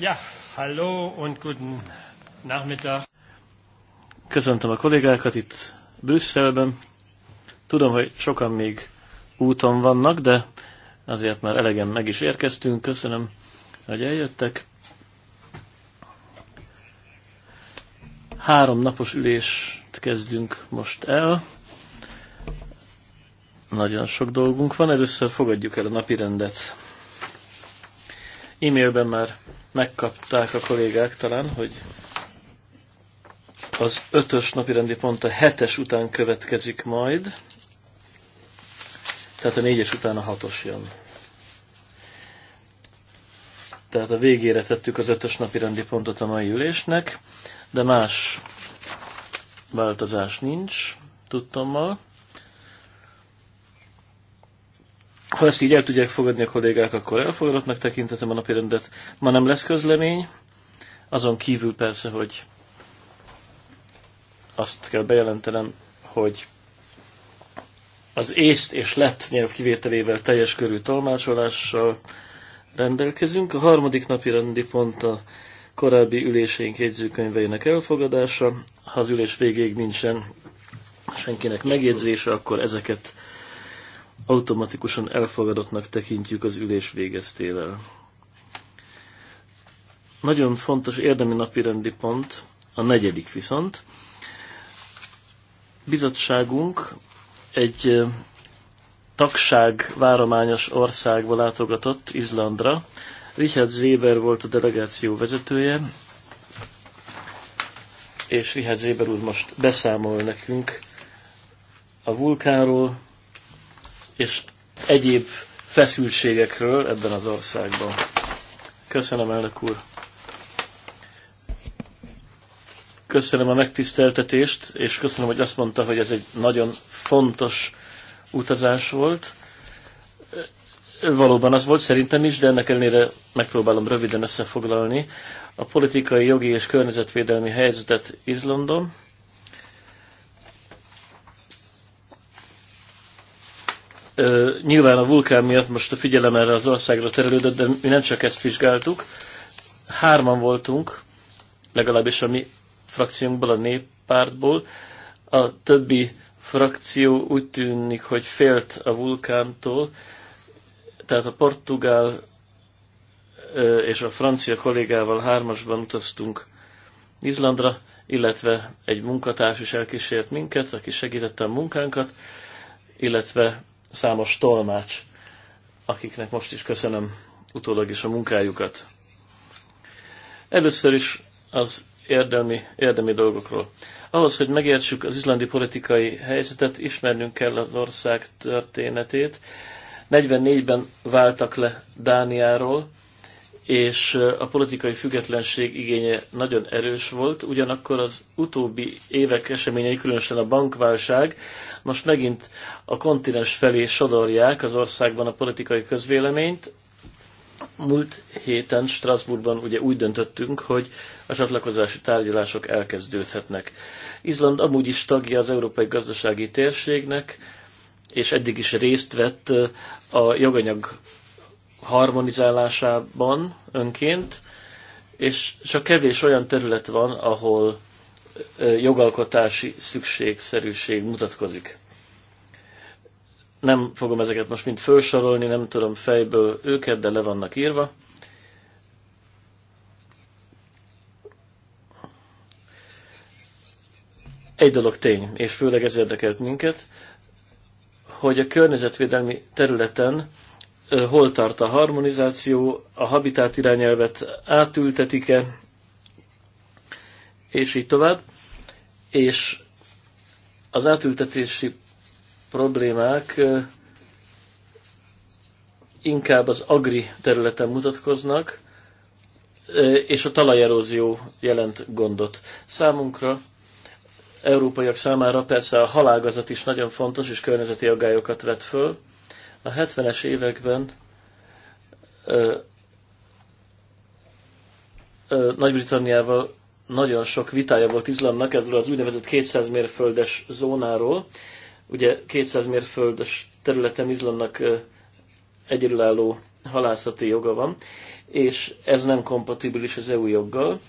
Ja, hallo und guten Nachmittag. Köszöntöm a kollégákat itt Brüsszelben. Tudom, hogy sokan még úton vannak, de azért már elegen meg is érkeztünk. Köszönöm, hogy eljöttek. Három napos ülést kezdünk most el. Nagyon sok dolgunk van. Először fogadjuk el a napi rendet. E-mailben már megkapták a kollégák talán, hogy az ötös napirendi pont a hetes után következik majd, tehát a négyes után a hatos jön. Tehát a végére tettük az ötös napirendi pontot a mai ülésnek, de más változás nincs, tudtommal. Ha ezt így el tudják fogadni a kollégák, akkor elfogadottnak tekintetem a napirendet. Ma nem lesz közlemény, azon kívül persze, hogy azt kell bejelentenem, hogy az észt és lett nyelv kivételével teljes körű tolmácsolással rendelkezünk. A harmadik napi rendi pont a korábbi üléseink jegyzőkönyveinek elfogadása. Ha az ülés végéig nincsen senkinek megjegyzése, akkor ezeket automatikusan elfogadottnak tekintjük az ülés végeztével. Nagyon fontos érdemi napirendi pont, a negyedik viszont. Bizottságunk egy tagság várományos országba látogatott, Izlandra. Richard Zéber volt a delegáció vezetője, és Richard Zéber úr most beszámol nekünk a vulkánról, és egyéb feszültségekről ebben az országban. Köszönöm, elnök úr! Köszönöm a megtiszteltetést, és köszönöm, hogy azt mondta, hogy ez egy nagyon fontos utazás volt. Valóban az volt szerintem is, de ennek ellenére megpróbálom röviden összefoglalni. A politikai, jogi és környezetvédelmi helyzetet Izlandon, ö, nyilván a vulkán miatt most a figyelem erre az országra terelődött, de mi nem csak ezt vizsgáltuk. Hárman voltunk, legalábbis a mi frakciónkból, a néppártból. A többi frakció úgy tűnik, hogy félt a vulkántól, tehát a portugál ö, és a francia kollégával hármasban utaztunk Izlandra, illetve egy munkatárs is elkísért minket, aki segítette a munkánkat, illetve számos tolmács, akiknek most is köszönöm utólag is a munkájukat. Először is az érdemi, érdemi dolgokról. Ahhoz, hogy megértsük az izlandi politikai helyzetet, ismernünk kell az ország történetét. 44-ben váltak le Dániáról, és a politikai függetlenség igénye nagyon erős volt, ugyanakkor az utóbbi évek eseményei, különösen a bankválság, most megint a kontinens felé sodorják az országban a politikai közvéleményt. Múlt héten Strasbourgban ugye úgy döntöttünk, hogy a csatlakozási tárgyalások elkezdődhetnek. Izland amúgy is tagja az Európai Gazdasági Térségnek, és eddig is részt vett a joganyag harmonizálásában önként, és csak kevés olyan terület van, ahol jogalkotási szükségszerűség mutatkozik. Nem fogom ezeket most mind felsorolni, nem tudom fejből őket, de le vannak írva. Egy dolog tény, és főleg ez érdekelt minket, hogy a környezetvédelmi területen hol tart a harmonizáció, a habitát irányelvet átültetik-e, és így tovább. És az átültetési problémák inkább az agri területen mutatkoznak, és a talajerózió jelent gondot. Számunkra, európaiak számára persze a halágazat is nagyon fontos, és környezeti aggályokat vet föl. A 70-es években Nagy-Britanniával nagyon sok vitája volt Izlandnak erről az úgynevezett 200 mérföldes zónáról. Ugye 200 mérföldes területen Izlandnak egyedülálló halászati joga van, és ez nem kompatibilis az EU joggal.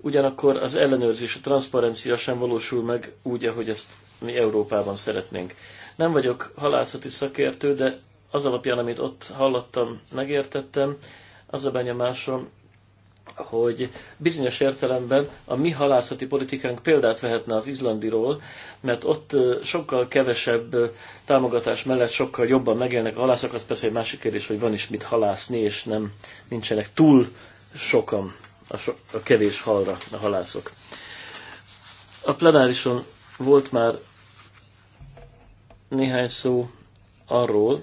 Ugyanakkor az ellenőrzés, a transzparencia sem valósul meg úgy, ahogy ezt mi Európában szeretnénk. Nem vagyok halászati szakértő, de az alapján, amit ott hallottam, megértettem, az a benyomásom, hogy bizonyos értelemben a mi halászati politikánk példát vehetne az izlandiról, mert ott sokkal kevesebb támogatás mellett sokkal jobban megélnek a halászok, az persze egy másik kérdés, hogy van is mit halászni, és nem nincsenek túl sokan a, so, a kevés halra a halászok. A plenárison volt már néhány szó arról,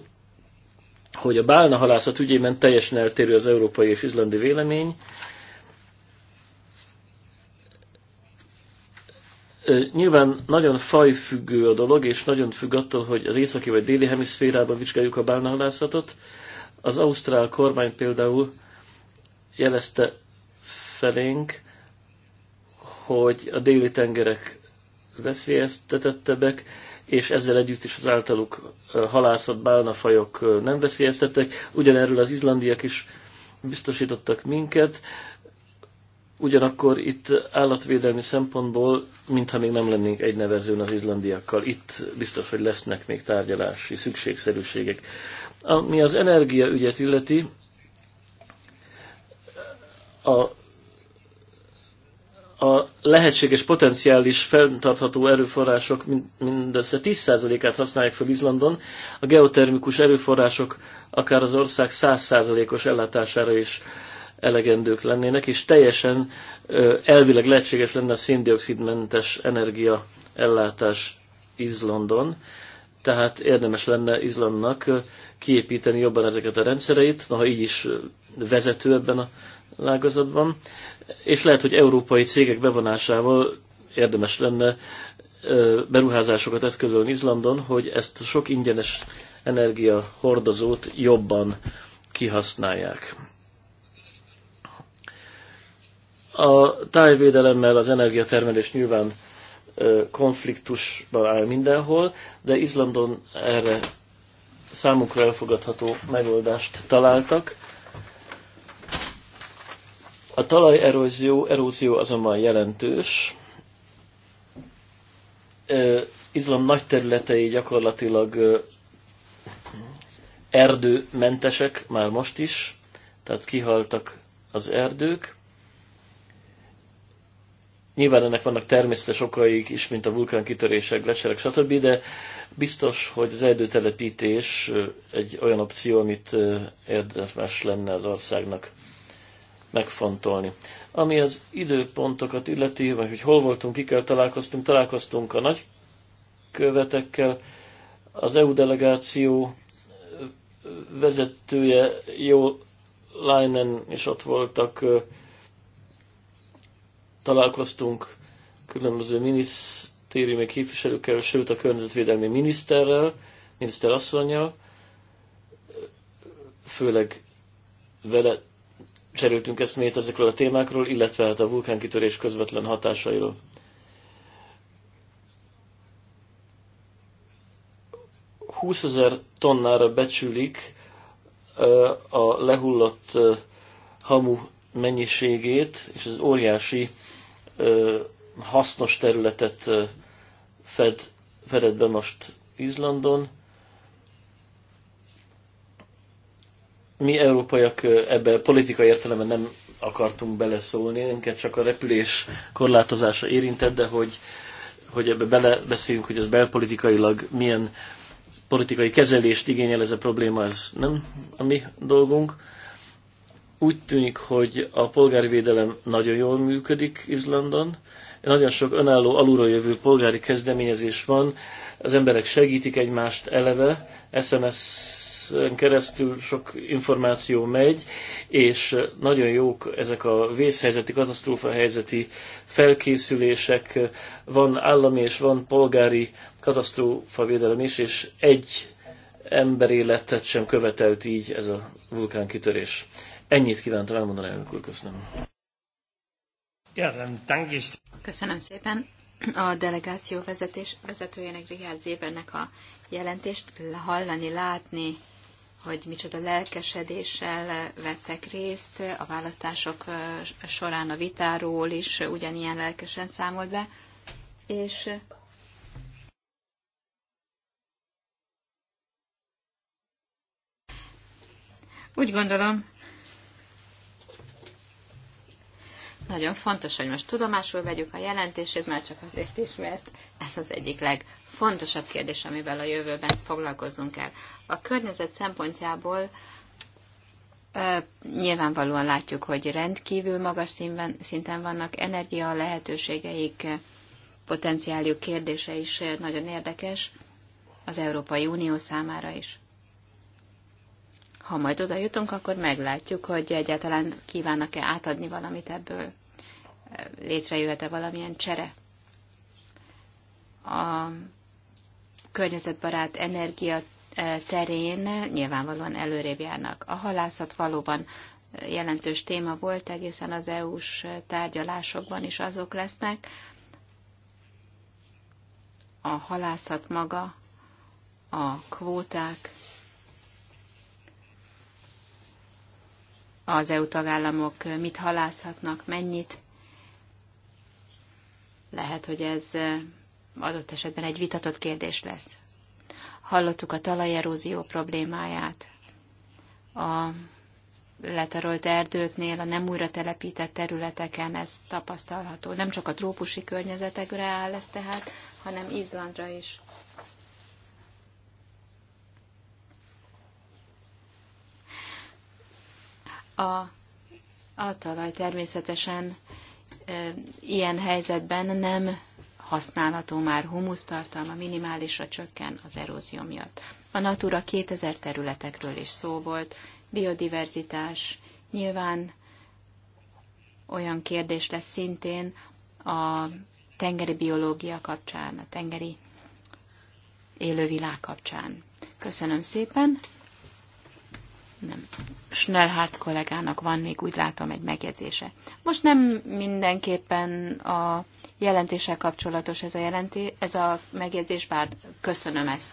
hogy a bálna halászat ügyében teljesen eltérő az európai és izlandi vélemény, Nyilván nagyon fajfüggő a dolog, és nagyon függ attól, hogy az északi vagy déli hemiszférában vizsgáljuk a bálnahalászatot. Az ausztrál kormány például jelezte felénk, hogy a déli tengerek veszélyeztetettebbek, és ezzel együtt is az általuk halászott bálnafajok nem veszélyeztettek. Ugyanerről az izlandiak is biztosítottak minket ugyanakkor itt állatvédelmi szempontból, mintha még nem lennénk egy nevezőn az izlandiakkal, itt biztos, hogy lesznek még tárgyalási szükségszerűségek. Ami az energiaügyet illeti, a, a lehetséges potenciális fenntartható erőforrások mindössze 10%-át használják fel Izlandon, a geotermikus erőforrások akár az ország 100%-os ellátására is elegendők lennének, és teljesen elvileg lehetséges lenne a széndiokszidmentes energia ellátás Izlandon, tehát érdemes lenne Izlandnak kiépíteni jobban ezeket a rendszereit, noha így is vezető ebben a lágazatban, és lehet, hogy európai cégek bevonásával érdemes lenne beruházásokat eszközölni Izlandon, hogy ezt a sok ingyenes energia hordozót jobban kihasználják. A tájvédelemmel az energiatermelés nyilván konfliktusban áll mindenhol, de Izlandon erre számukra elfogadható megoldást találtak. A talajerózió erózió azonban jelentős. Izland nagy területei gyakorlatilag erdőmentesek már most is, tehát kihaltak az erdők. Nyilván ennek vannak természetes okaik is, mint a vulkánkitörések, gletszerek, stb., de biztos, hogy az erdőtelepítés egy olyan opció, amit érdemes lenne az országnak megfontolni. Ami az időpontokat illeti, vagy hogy hol voltunk, kikkel találkoztunk, találkoztunk a nagykövetekkel, az EU delegáció vezetője Jó Leinen is ott voltak, találkoztunk különböző minisztériumi képviselőkkel, sőt a környezetvédelmi miniszterrel, miniszterasszonynal, főleg vele cseréltünk eszmét ezekről a témákról, illetve hát a vulkánkitörés közvetlen hatásairól. ezer tonnára becsülik a lehullott hamu mennyiségét, és ez óriási ö, hasznos területet ö, fed, fedett be most Izlandon. Mi európaiak ebbe politikai értelemben nem akartunk beleszólni, minket csak a repülés korlátozása érintett, de hogy, hogy ebbe belebeszéljünk, hogy ez belpolitikailag milyen politikai kezelést igényel ez a probléma, ez nem a mi dolgunk úgy tűnik, hogy a polgári védelem nagyon jól működik Izlandon. Nagyon sok önálló alulról jövő polgári kezdeményezés van. Az emberek segítik egymást eleve, SMS-en keresztül sok információ megy, és nagyon jók ezek a vészhelyzeti, katasztrófa helyzeti felkészülések. Van állami és van polgári katasztrófa védelem is, és egy életet sem követelt így ez a vulkánkitörés. Ennyit kívántam elmondani, elnök úr, köszönöm. Köszönöm szépen a delegáció vezetés, vezetőjének, Richard Zébernek a jelentést hallani, látni, hogy micsoda lelkesedéssel vettek részt a választások során a vitáról is ugyanilyen lelkesen számolt be, és úgy gondolom, Nagyon fontos, hogy most tudomásul vegyük a jelentését, már csak azért is, mert ez az egyik legfontosabb kérdés, amivel a jövőben foglalkozzunk kell. A környezet szempontjából nyilvánvalóan látjuk, hogy rendkívül magas színben, szinten vannak energia lehetőségeik, potenciáljuk kérdése is nagyon érdekes az Európai Unió számára is. Ha majd oda jutunk, akkor meglátjuk, hogy egyáltalán kívánnak-e átadni valamit ebből. Létrejöhet-e valamilyen csere? A környezetbarát energia e, terén nyilvánvalóan előrébb járnak. A halászat valóban e, jelentős téma volt, egészen az EU-s e, tárgyalásokban is azok lesznek. A halászat maga, a kvóták, az EU tagállamok mit halászhatnak, mennyit. Lehet, hogy ez adott esetben egy vitatott kérdés lesz. Hallottuk a talajerózió problémáját, a letarolt erdőknél, a nem újra telepített területeken ez tapasztalható. Nem csak a trópusi környezetekre áll ez tehát, hanem Izlandra is. A, a talaj természetesen e, ilyen helyzetben nem használható már humusztartalma minimálisra csökken az erózió miatt. A Natura 2000 területekről is szó volt, biodiverzitás, nyilván olyan kérdés lesz szintén a tengeri biológia kapcsán, a tengeri élővilág kapcsán. Köszönöm szépen! Nem. Schnellhardt kollégának van még úgy látom egy megjegyzése. Most nem mindenképpen a jelentéssel kapcsolatos ez a, jelenté, ez a megjegyzés, bár köszönöm ezt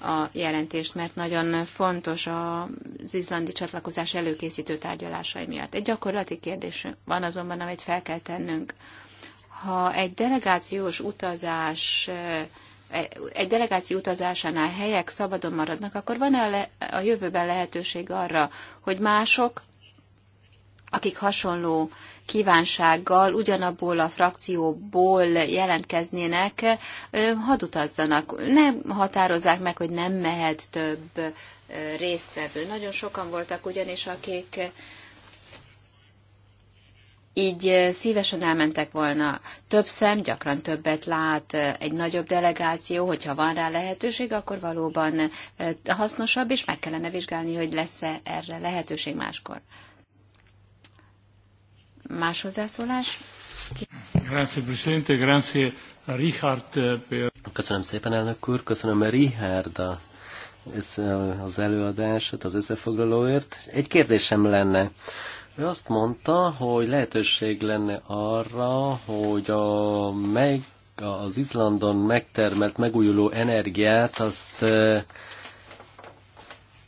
a jelentést, mert nagyon fontos az izlandi csatlakozás előkészítő tárgyalásai miatt. Egy gyakorlati kérdés van azonban, amit fel kell tennünk. Ha egy delegációs utazás egy delegáció utazásánál helyek szabadon maradnak, akkor van-e a jövőben lehetőség arra, hogy mások, akik hasonló kívánsággal ugyanabból a frakcióból jelentkeznének, hadd utazzanak. Nem határozzák meg, hogy nem mehet több résztvevő. Nagyon sokan voltak ugyanis, akik így eh, szívesen elmentek volna. Több szem gyakran többet lát eh, egy nagyobb delegáció, hogyha van rá lehetőség, akkor valóban eh, hasznosabb, és meg kellene vizsgálni, hogy lesz-e erre lehetőség máskor. Más hozzászólás? Grazie, Presidente, grazie Richard. Köszönöm szépen, elnök úr, köszönöm Richard a az előadását, az összefoglalóért. Egy kérdésem lenne ő azt mondta, hogy lehetőség lenne arra, hogy a meg, az Izlandon megtermelt megújuló energiát azt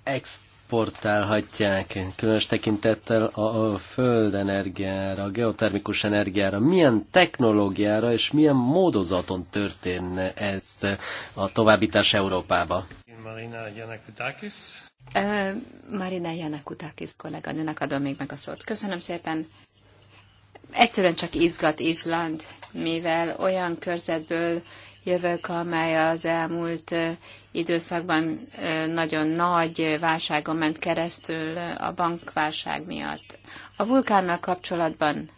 exportálhatják, különös tekintettel a földenergiára, a geotermikus energiára. Milyen technológiára és milyen módozaton történne ezt a továbbítás Európába? Marina Janakutakis kolléganőnek adom még meg a szót. Köszönöm szépen. Egyszerűen csak izgat Izland, mivel olyan körzetből jövök, amely az elmúlt időszakban nagyon nagy válságon ment keresztül a bankválság miatt. A vulkánnal kapcsolatban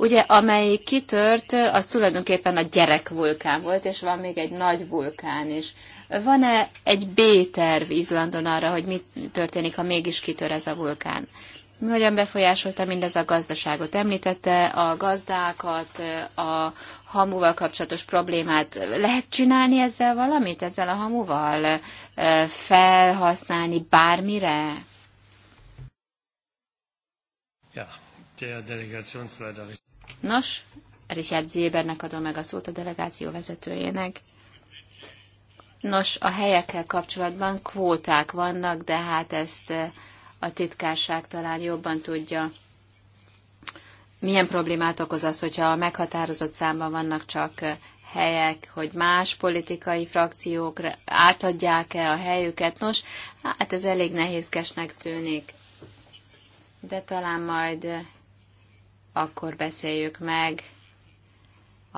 Ugye, amely kitört, az tulajdonképpen a gyerek vulkán volt, és van még egy nagy vulkán is. Van-e egy B-terv Izlandon arra, hogy mi történik, ha mégis kitör ez a vulkán? Hogyan befolyásolta mindez a gazdaságot? Említette a gazdákat, a hamuval kapcsolatos problémát. Lehet csinálni ezzel valamit, ezzel a hamuval? Felhasználni bármire? Ja, Nos, Richard Zébernek adom meg a szót a delegáció vezetőjének. Nos, a helyekkel kapcsolatban kvóták vannak, de hát ezt eh, a titkárság talán jobban tudja. Milyen problémát okoz az, hogyha a meghatározott számban vannak csak eh, helyek, hogy más politikai frakciók átadják-e a helyüket? Nos, hát ez elég nehézkesnek tűnik. De talán majd eh, akkor beszéljük meg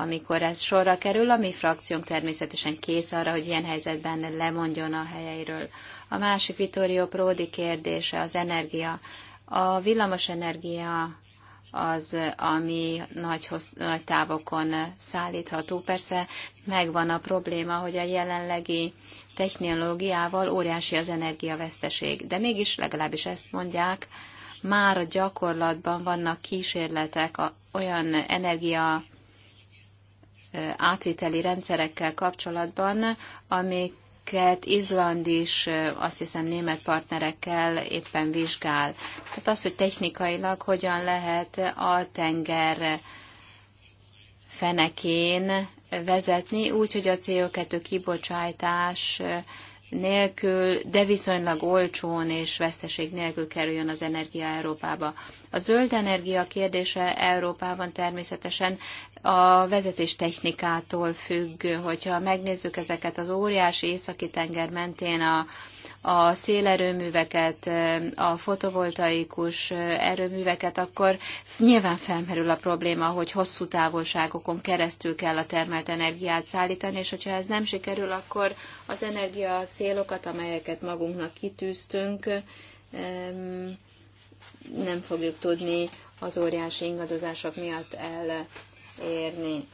amikor ez sorra kerül, a mi frakciónk természetesen kész arra, hogy ilyen helyzetben lemondjon a helyeiről. A másik Vittorio Pródi kérdése az energia. A villamos energia, az, ami nagy, hossz, nagy távokon szállítható. Persze megvan a probléma, hogy a jelenlegi technológiával óriási az energiaveszteség, de mégis legalábbis ezt mondják, már a gyakorlatban vannak kísérletek a, olyan energia átvételi rendszerekkel kapcsolatban, amiket Izland is, azt hiszem német partnerekkel éppen vizsgál. Tehát az, hogy technikailag hogyan lehet a tenger fenekén vezetni, úgy, hogy a CO2 kibocsátás nélkül, de viszonylag olcsón és veszteség nélkül kerüljön az energia Európába. A zöld energia kérdése Európában természetesen a vezetés technikától függ, hogyha megnézzük ezeket az óriási északi tenger mentén a, a szélerőműveket, a fotovoltaikus erőműveket, akkor nyilván felmerül a probléma, hogy hosszú távolságokon keresztül kell a termelt energiát szállítani, és hogyha ez nem sikerül, akkor az energia célokat, amelyeket magunknak kitűztünk, nem fogjuk tudni az óriási ingadozások miatt el érni.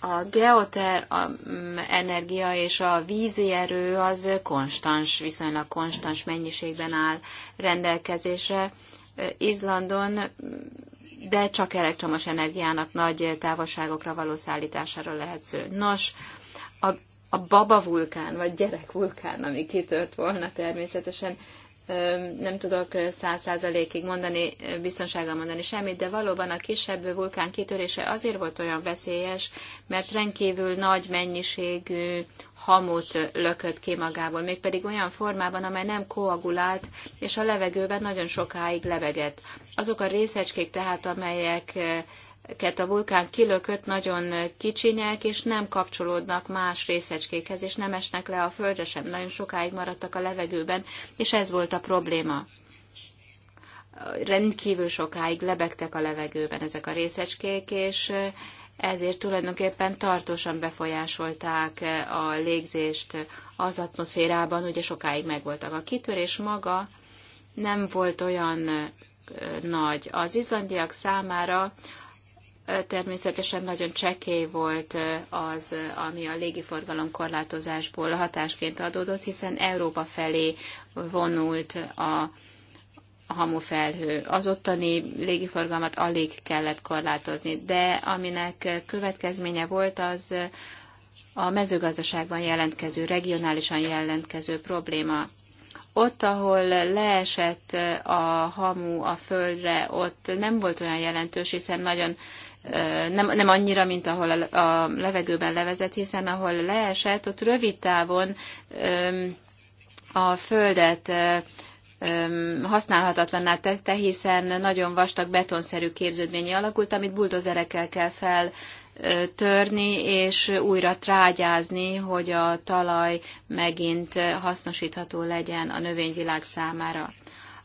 A geoter a, mm, energia és a vízi erő az konstans, viszonylag konstans mennyiségben áll rendelkezésre. Izlandon mm, de csak elektromos energiának nagy távolságokra való szállítására lehet sző. Nos, a, a baba vulkán, vagy gyerek vulkán, ami kitört volna természetesen, nem tudok száz százalékig mondani, biztonsággal mondani semmit, de valóban a kisebb vulkán kitörése azért volt olyan veszélyes, mert rendkívül nagy mennyiségű hamut lökött ki magából, mégpedig olyan formában, amely nem koagulált, és a levegőben nagyon sokáig lebegett. Azok a részecskék tehát, amelyek a vulkán kilökött, nagyon kicsinyek, és nem kapcsolódnak más részecskékhez, és nem esnek le a földre sem. Nagyon sokáig maradtak a levegőben, és ez volt a probléma. Rendkívül sokáig lebegtek a levegőben ezek a részecskék, és ezért tulajdonképpen tartósan befolyásolták a légzést az atmoszférában, ugye sokáig megvoltak. A kitörés maga nem volt olyan nagy. Az izlandiak számára természetesen nagyon csekély volt az, ami a légiforgalom korlátozásból hatásként adódott, hiszen Európa felé vonult a hamufelhő. Az ottani légiforgalmat alig kellett korlátozni, de aminek következménye volt az a mezőgazdaságban jelentkező, regionálisan jelentkező probléma. Ott, ahol leesett a hamu a földre, ott nem volt olyan jelentős, hiszen nagyon nem, nem annyira, mint ahol a, a levegőben levezet, hiszen ahol leesett, ott rövid távon a földet használhatatlanná tette, hiszen nagyon vastag betonszerű képződményi alakult, amit buldozerekkel kell fel törni és újra trágyázni, hogy a talaj megint hasznosítható legyen a növényvilág számára.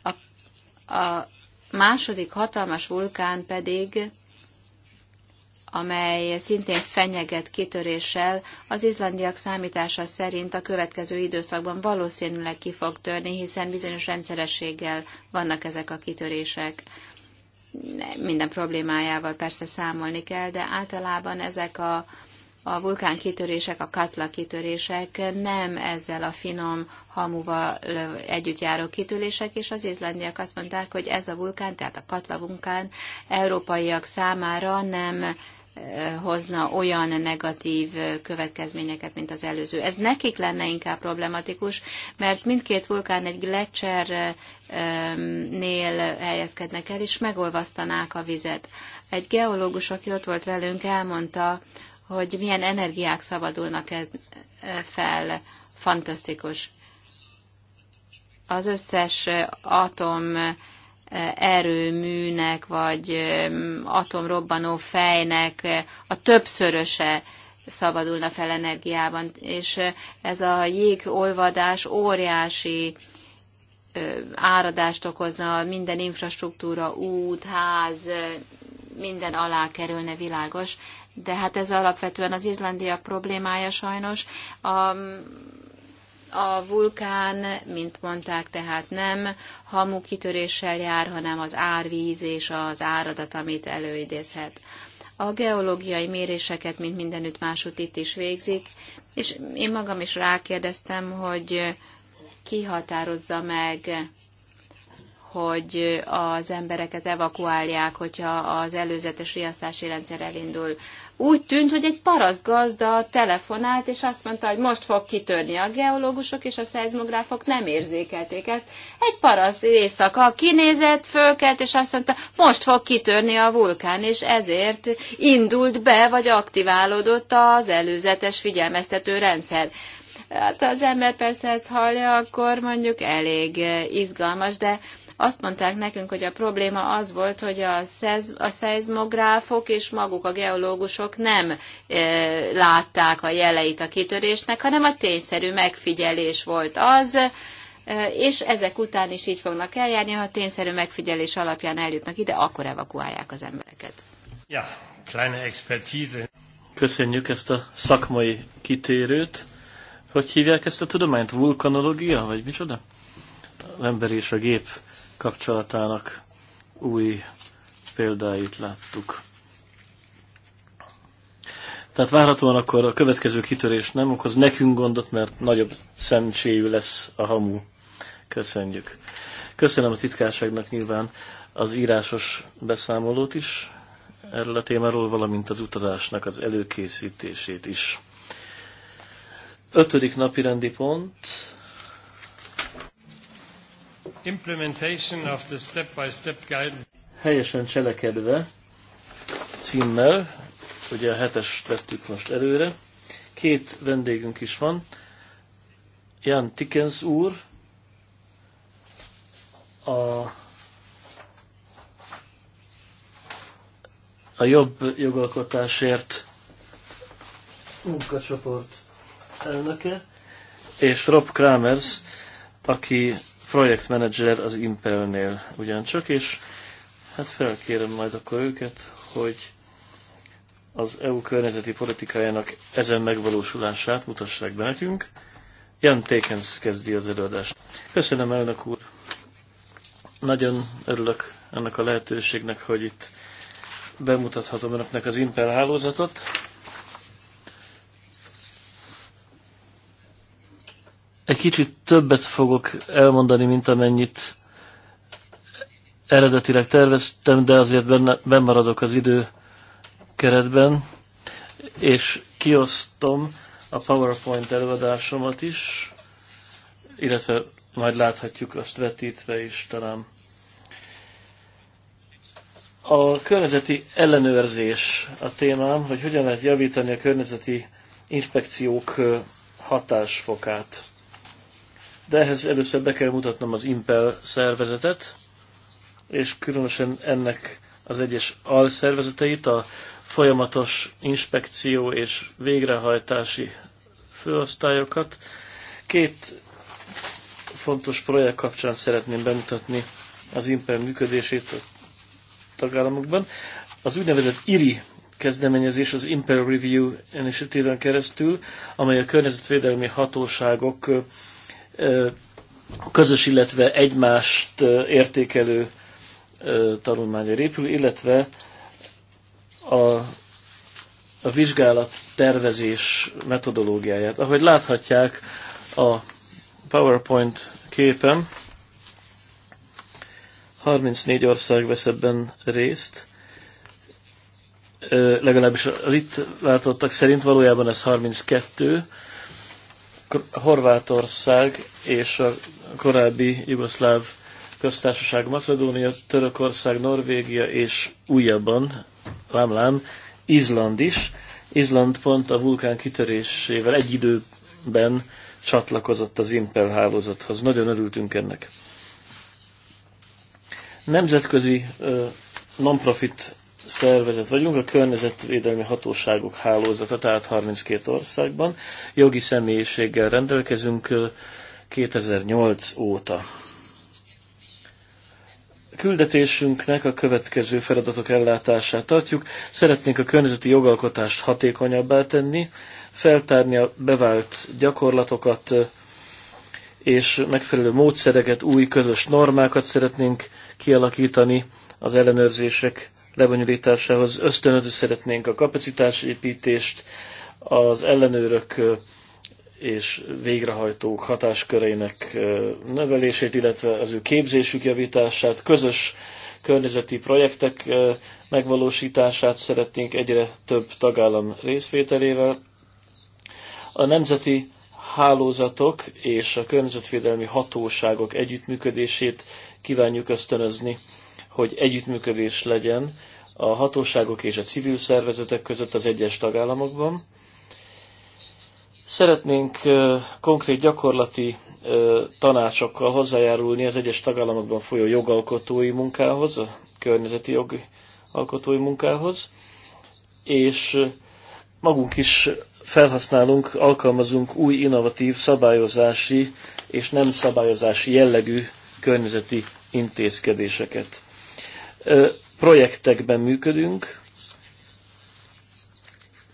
A, a második hatalmas vulkán pedig amely szintén fenyeget kitöréssel, az izlandiak számítása szerint a következő időszakban valószínűleg ki fog törni, hiszen bizonyos rendszerességgel vannak ezek a kitörések. Minden problémájával persze számolni kell, de általában ezek a, a vulkán kitörések, a katla kitörések nem ezzel a finom hamuval együtt járó kitörések, és az izlandiak azt mondták, hogy ez a vulkán, tehát a katla vulkán európaiak számára nem hozna olyan negatív következményeket, mint az előző. Ez nekik lenne inkább problematikus, mert mindkét vulkán egy gletszernél helyezkednek el, és megolvasztanák a vizet. Egy geológus, aki ott volt velünk, elmondta, hogy milyen energiák szabadulnak e- fel. Fantasztikus. Az összes atom erőműnek, vagy atomrobbanó fejnek eh, a többszöröse szabadulna fel energiában, és eh, ez a jégolvadás óriási eh, áradást okozna, minden infrastruktúra, út, ház, minden alá kerülne világos, de hát ez alapvetően az izlandiak problémája sajnos. A a vulkán, mint mondták, tehát nem hamukitöréssel jár, hanem az árvíz és az áradat, amit előidézhet. A geológiai méréseket, mint mindenütt másút itt is végzik, és én magam is rákérdeztem, hogy ki határozza meg, hogy az embereket evakuálják, hogyha az előzetes riasztási rendszer elindul. Úgy tűnt, hogy egy parasztgazda telefonált, és azt mondta, hogy most fog kitörni a geológusok, és a szeizmográfok nem érzékelték ezt. Egy paraszt éjszaka kinézett, fölkelt, és azt mondta, most fog kitörni a vulkán, és ezért indult be, vagy aktiválódott az előzetes figyelmeztető rendszer. Hát az ember persze ezt hallja, akkor mondjuk elég eh, izgalmas, de azt mondták nekünk, hogy a probléma az volt, hogy a, szez, a szeizmográfok és maguk a geológusok nem e, látták a jeleit a kitörésnek, hanem a tényszerű megfigyelés volt az, e, és ezek után is így fognak eljárni, ha tényszerű megfigyelés alapján eljutnak ide, akkor evakuálják az embereket. Ja, kleine Expertise. Köszönjük ezt a szakmai kitérőt. Hogy hívják ezt a tudományt? Vulkanológia, vagy micsoda? Az ember és a gép kapcsolatának új példáit láttuk. Tehát várhatóan akkor a következő kitörés nem okoz nekünk gondot, mert nagyobb szemcséjű lesz a hamu. Köszönjük. Köszönöm a titkárságnak nyilván az írásos beszámolót is erről a témáról, valamint az utazásnak az előkészítését is. Ötödik napi rendi pont Helyesen cselekedve címmel, ugye a hetes vettük most előre, két vendégünk is van, Jan Tikens úr, a, a jobb jogalkotásért munkacsoport elnöke, és Rob Kramers, aki projektmenedzser az Impelnél ugyancsak, és hát felkérem majd akkor őket, hogy az EU környezeti politikájának ezen megvalósulását mutassák be nekünk. Jan Tékens kezdi az előadást. Köszönöm, elnök úr! Nagyon örülök ennek a lehetőségnek, hogy itt bemutathatom önöknek az Impel hálózatot. Egy kicsit többet fogok elmondani, mint amennyit eredetileg terveztem, de azért benne, bemaradok az idő keretben, és kiosztom a PowerPoint előadásomat is, illetve majd láthatjuk azt vetítve is talán. A környezeti ellenőrzés a témám, hogy hogyan lehet javítani a környezeti inspekciók hatásfokát de ehhez először be kell mutatnom az Impel szervezetet, és különösen ennek az egyes alszervezeteit, a folyamatos inspekció és végrehajtási főosztályokat. Két fontos projekt kapcsán szeretném bemutatni az Impel működését a tagállamokban. Az úgynevezett IRI kezdeményezés az Impel Review Initiative-en keresztül, amely a környezetvédelmi hatóságok közös, illetve egymást értékelő tanulmányra épül, illetve a, a vizsgálat tervezés metodológiáját. Ahogy láthatják a PowerPoint képen, 34 ország vesz ebben részt, legalábbis a itt látottak szerint valójában ez 32, Horvátország és a korábbi Jugoszláv köztársaság Macedónia, Törökország, Norvégia és újabban, lámlám, Izland is. Izland pont a vulkán kitörésével egy időben csatlakozott az Impel hálózathoz. Nagyon örültünk ennek. Nemzetközi non-profit szervezet vagyunk, a környezetvédelmi hatóságok hálózata, tehát 32 országban. Jogi személyiséggel rendelkezünk 2008 óta. Küldetésünknek a következő feladatok ellátását tartjuk. Szeretnénk a környezeti jogalkotást hatékonyabbá tenni, feltárni a bevált gyakorlatokat, és megfelelő módszereket, új közös normákat szeretnénk kialakítani az ellenőrzések lebonyolításához. Ösztönözni szeretnénk a kapacitásépítést, az ellenőrök és végrehajtók hatásköreinek növelését, illetve az ő képzésük javítását, közös környezeti projektek megvalósítását szeretnénk egyre több tagállam részvételével. A nemzeti hálózatok és a környezetvédelmi hatóságok együttműködését kívánjuk ösztönözni hogy együttműködés legyen a hatóságok és a civil szervezetek között az egyes tagállamokban. Szeretnénk konkrét gyakorlati tanácsokkal hozzájárulni az egyes tagállamokban folyó jogalkotói munkához, a környezeti jogalkotói munkához, és magunk is felhasználunk, alkalmazunk új innovatív szabályozási és nem szabályozási jellegű környezeti intézkedéseket projektekben működünk,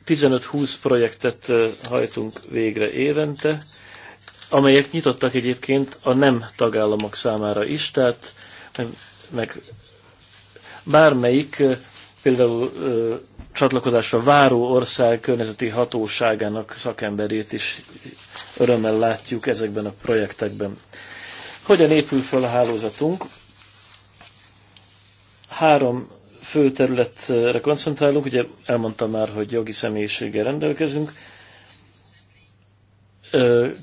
15-20 projektet hajtunk végre évente, amelyek nyitottak egyébként a nem tagállamok számára is, tehát meg bármelyik például ö, csatlakozásra váró ország környezeti hatóságának szakemberét is örömmel látjuk ezekben a projektekben. Hogyan épül fel a hálózatunk? Három fő területre koncentrálunk, ugye elmondtam már, hogy jogi személyiséggel rendelkezünk.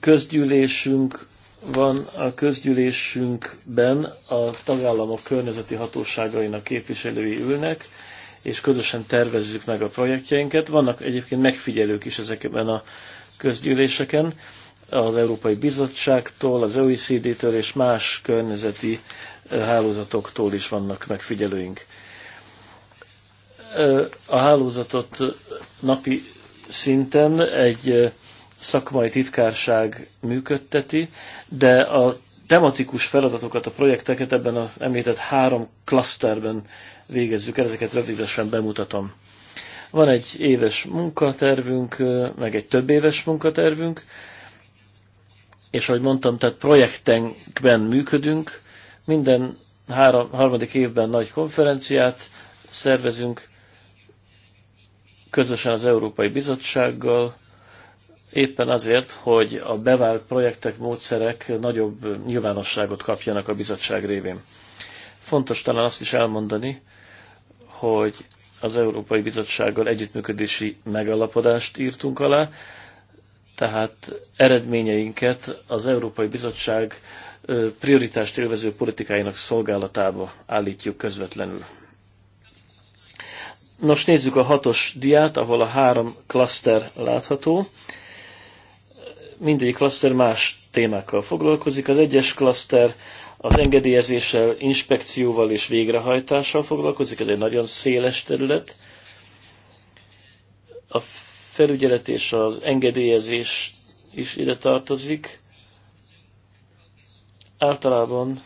Közgyűlésünk van, a közgyűlésünkben a tagállamok környezeti hatóságainak képviselői ülnek, és közösen tervezzük meg a projektjeinket. Vannak egyébként megfigyelők is ezekben a közgyűléseken, az Európai Bizottságtól, az OECD-től és más környezeti hálózatoktól is vannak megfigyelőink. A hálózatot napi szinten egy szakmai titkárság működteti, de a tematikus feladatokat, a projekteket ebben az említett három klaszterben végezzük el, ezeket rövidesen bemutatom. Van egy éves munkatervünk, meg egy több éves munkatervünk, és ahogy mondtam, tehát projektenkben működünk, minden három, harmadik évben nagy konferenciát szervezünk, közösen az Európai Bizottsággal, éppen azért, hogy a bevált projektek, módszerek nagyobb nyilvánosságot kapjanak a bizottság révén. Fontos talán azt is elmondani, hogy az Európai Bizottsággal együttműködési megalapodást írtunk alá, tehát eredményeinket az Európai Bizottság prioritást élvező politikáinak szolgálatába állítjuk közvetlenül. Nos, nézzük a hatos diát, ahol a három klaszter látható. Mindegyik klaszter más témákkal foglalkozik. Az egyes klaszter az engedélyezéssel, inspekcióval és végrehajtással foglalkozik, ez egy nagyon széles terület. A felügyelet és az engedélyezés is ide tartozik általában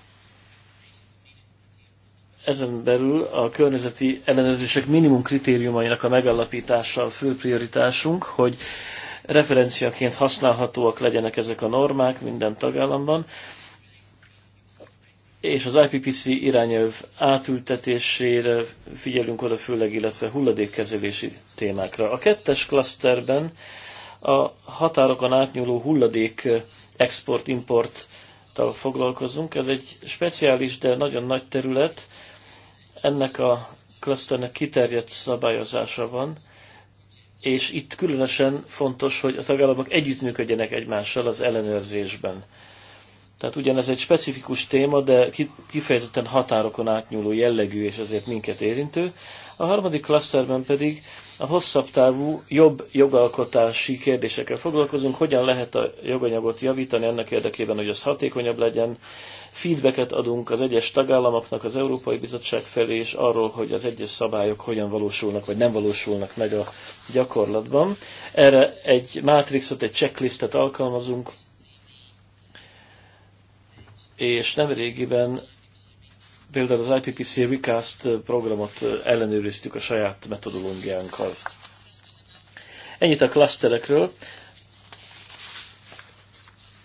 ezen belül a környezeti ellenőrzések minimum kritériumainak a megalapítása a fő prioritásunk, hogy referenciaként használhatóak legyenek ezek a normák minden tagállamban, és az IPPC irányelv átültetésére figyelünk oda főleg, illetve hulladékkezelési témákra. A kettes klaszterben a határokon átnyúló hulladék export-import ágazattal foglalkozunk. Ez egy speciális, de nagyon nagy terület. Ennek a klaszternek kiterjedt szabályozása van, és itt különösen fontos, hogy a tagállamok együttműködjenek egymással az ellenőrzésben. Tehát ugyanez egy specifikus téma, de kifejezetten határokon átnyúló jellegű, és ezért minket érintő. A harmadik klaszterben pedig a hosszabb távú, jobb jogalkotási kérdésekkel foglalkozunk, hogyan lehet a joganyagot javítani annak érdekében, hogy az hatékonyabb legyen. Feedbacket adunk az egyes tagállamoknak az Európai Bizottság felé, és arról, hogy az egyes szabályok hogyan valósulnak, vagy nem valósulnak meg a gyakorlatban. Erre egy mátrixot, egy checklistet alkalmazunk, és nemrégiben például az IPPC Recast programot ellenőriztük a saját metodológiánkkal. Ennyit a klaszterekről.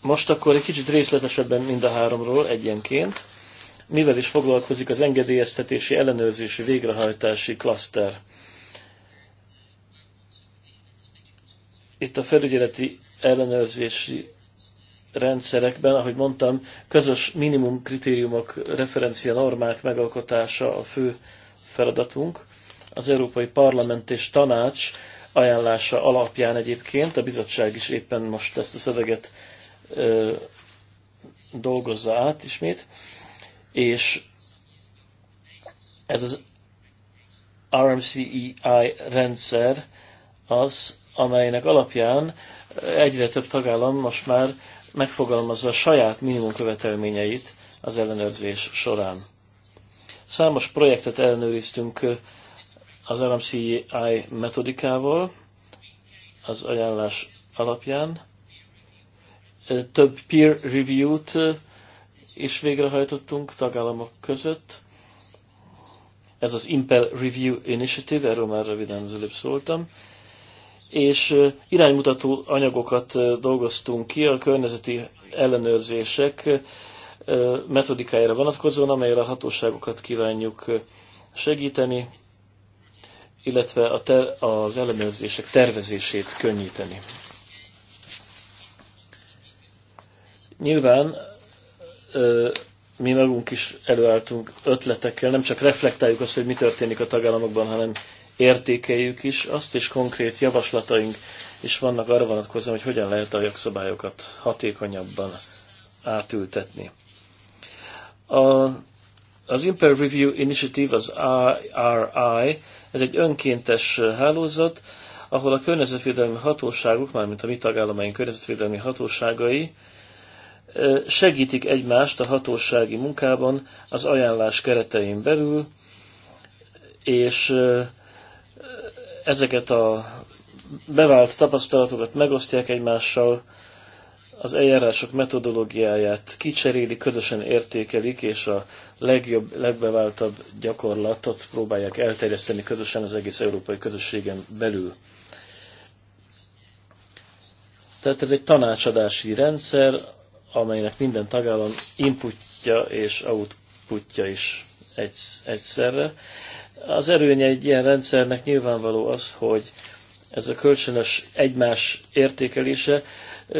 Most akkor egy kicsit részletesebben mind a háromról egyenként. Mivel is foglalkozik az engedélyeztetési ellenőrzési végrehajtási klaszter? Itt a felügyeleti ellenőrzési rendszerekben, ahogy mondtam, közös minimum kritériumok, referencia normák megalkotása a fő feladatunk. Az Európai Parlament és Tanács ajánlása alapján egyébként, a bizottság is éppen most ezt a szöveget ö, dolgozza át ismét, és ez az RMCEI rendszer az, amelynek alapján egyre több tagállam most már megfogalmazza a saját minimum követelményeit az ellenőrzés során. Számos projektet ellenőriztünk az RMCI metodikával, az ajánlás alapján. Több peer review-t is végrehajtottunk tagállamok között. Ez az Impel Review Initiative, erről már röviden az előbb szóltam és iránymutató anyagokat dolgoztunk ki a környezeti ellenőrzések metodikájára vonatkozóan, amelyre a hatóságokat kívánjuk segíteni, illetve a ter- az ellenőrzések tervezését könnyíteni. Nyilván mi magunk is előálltunk ötletekkel, nem csak reflektáljuk azt, hogy mi történik a tagállamokban, hanem értékeljük is azt, is konkrét javaslataink is vannak arra vonatkozóan, hogy hogyan lehet a jogszabályokat hatékonyabban átültetni. A, az Imper Review Initiative, az IRI, ez egy önkéntes hálózat, ahol a környezetvédelmi hatóságok, mármint a mi tagállamaink környezetvédelmi hatóságai segítik egymást a hatósági munkában az ajánlás keretein belül, és ezeket a bevált tapasztalatokat megosztják egymással, az eljárások metodológiáját kicserélik, közösen értékelik, és a legjobb, legbeváltabb gyakorlatot próbálják elterjeszteni közösen az egész európai közösségen belül. Tehát ez egy tanácsadási rendszer, amelynek minden tagállam inputja és outputja is egy, egyszerre. Az erőnye egy ilyen rendszernek nyilvánvaló az, hogy ez a kölcsönös egymás értékelése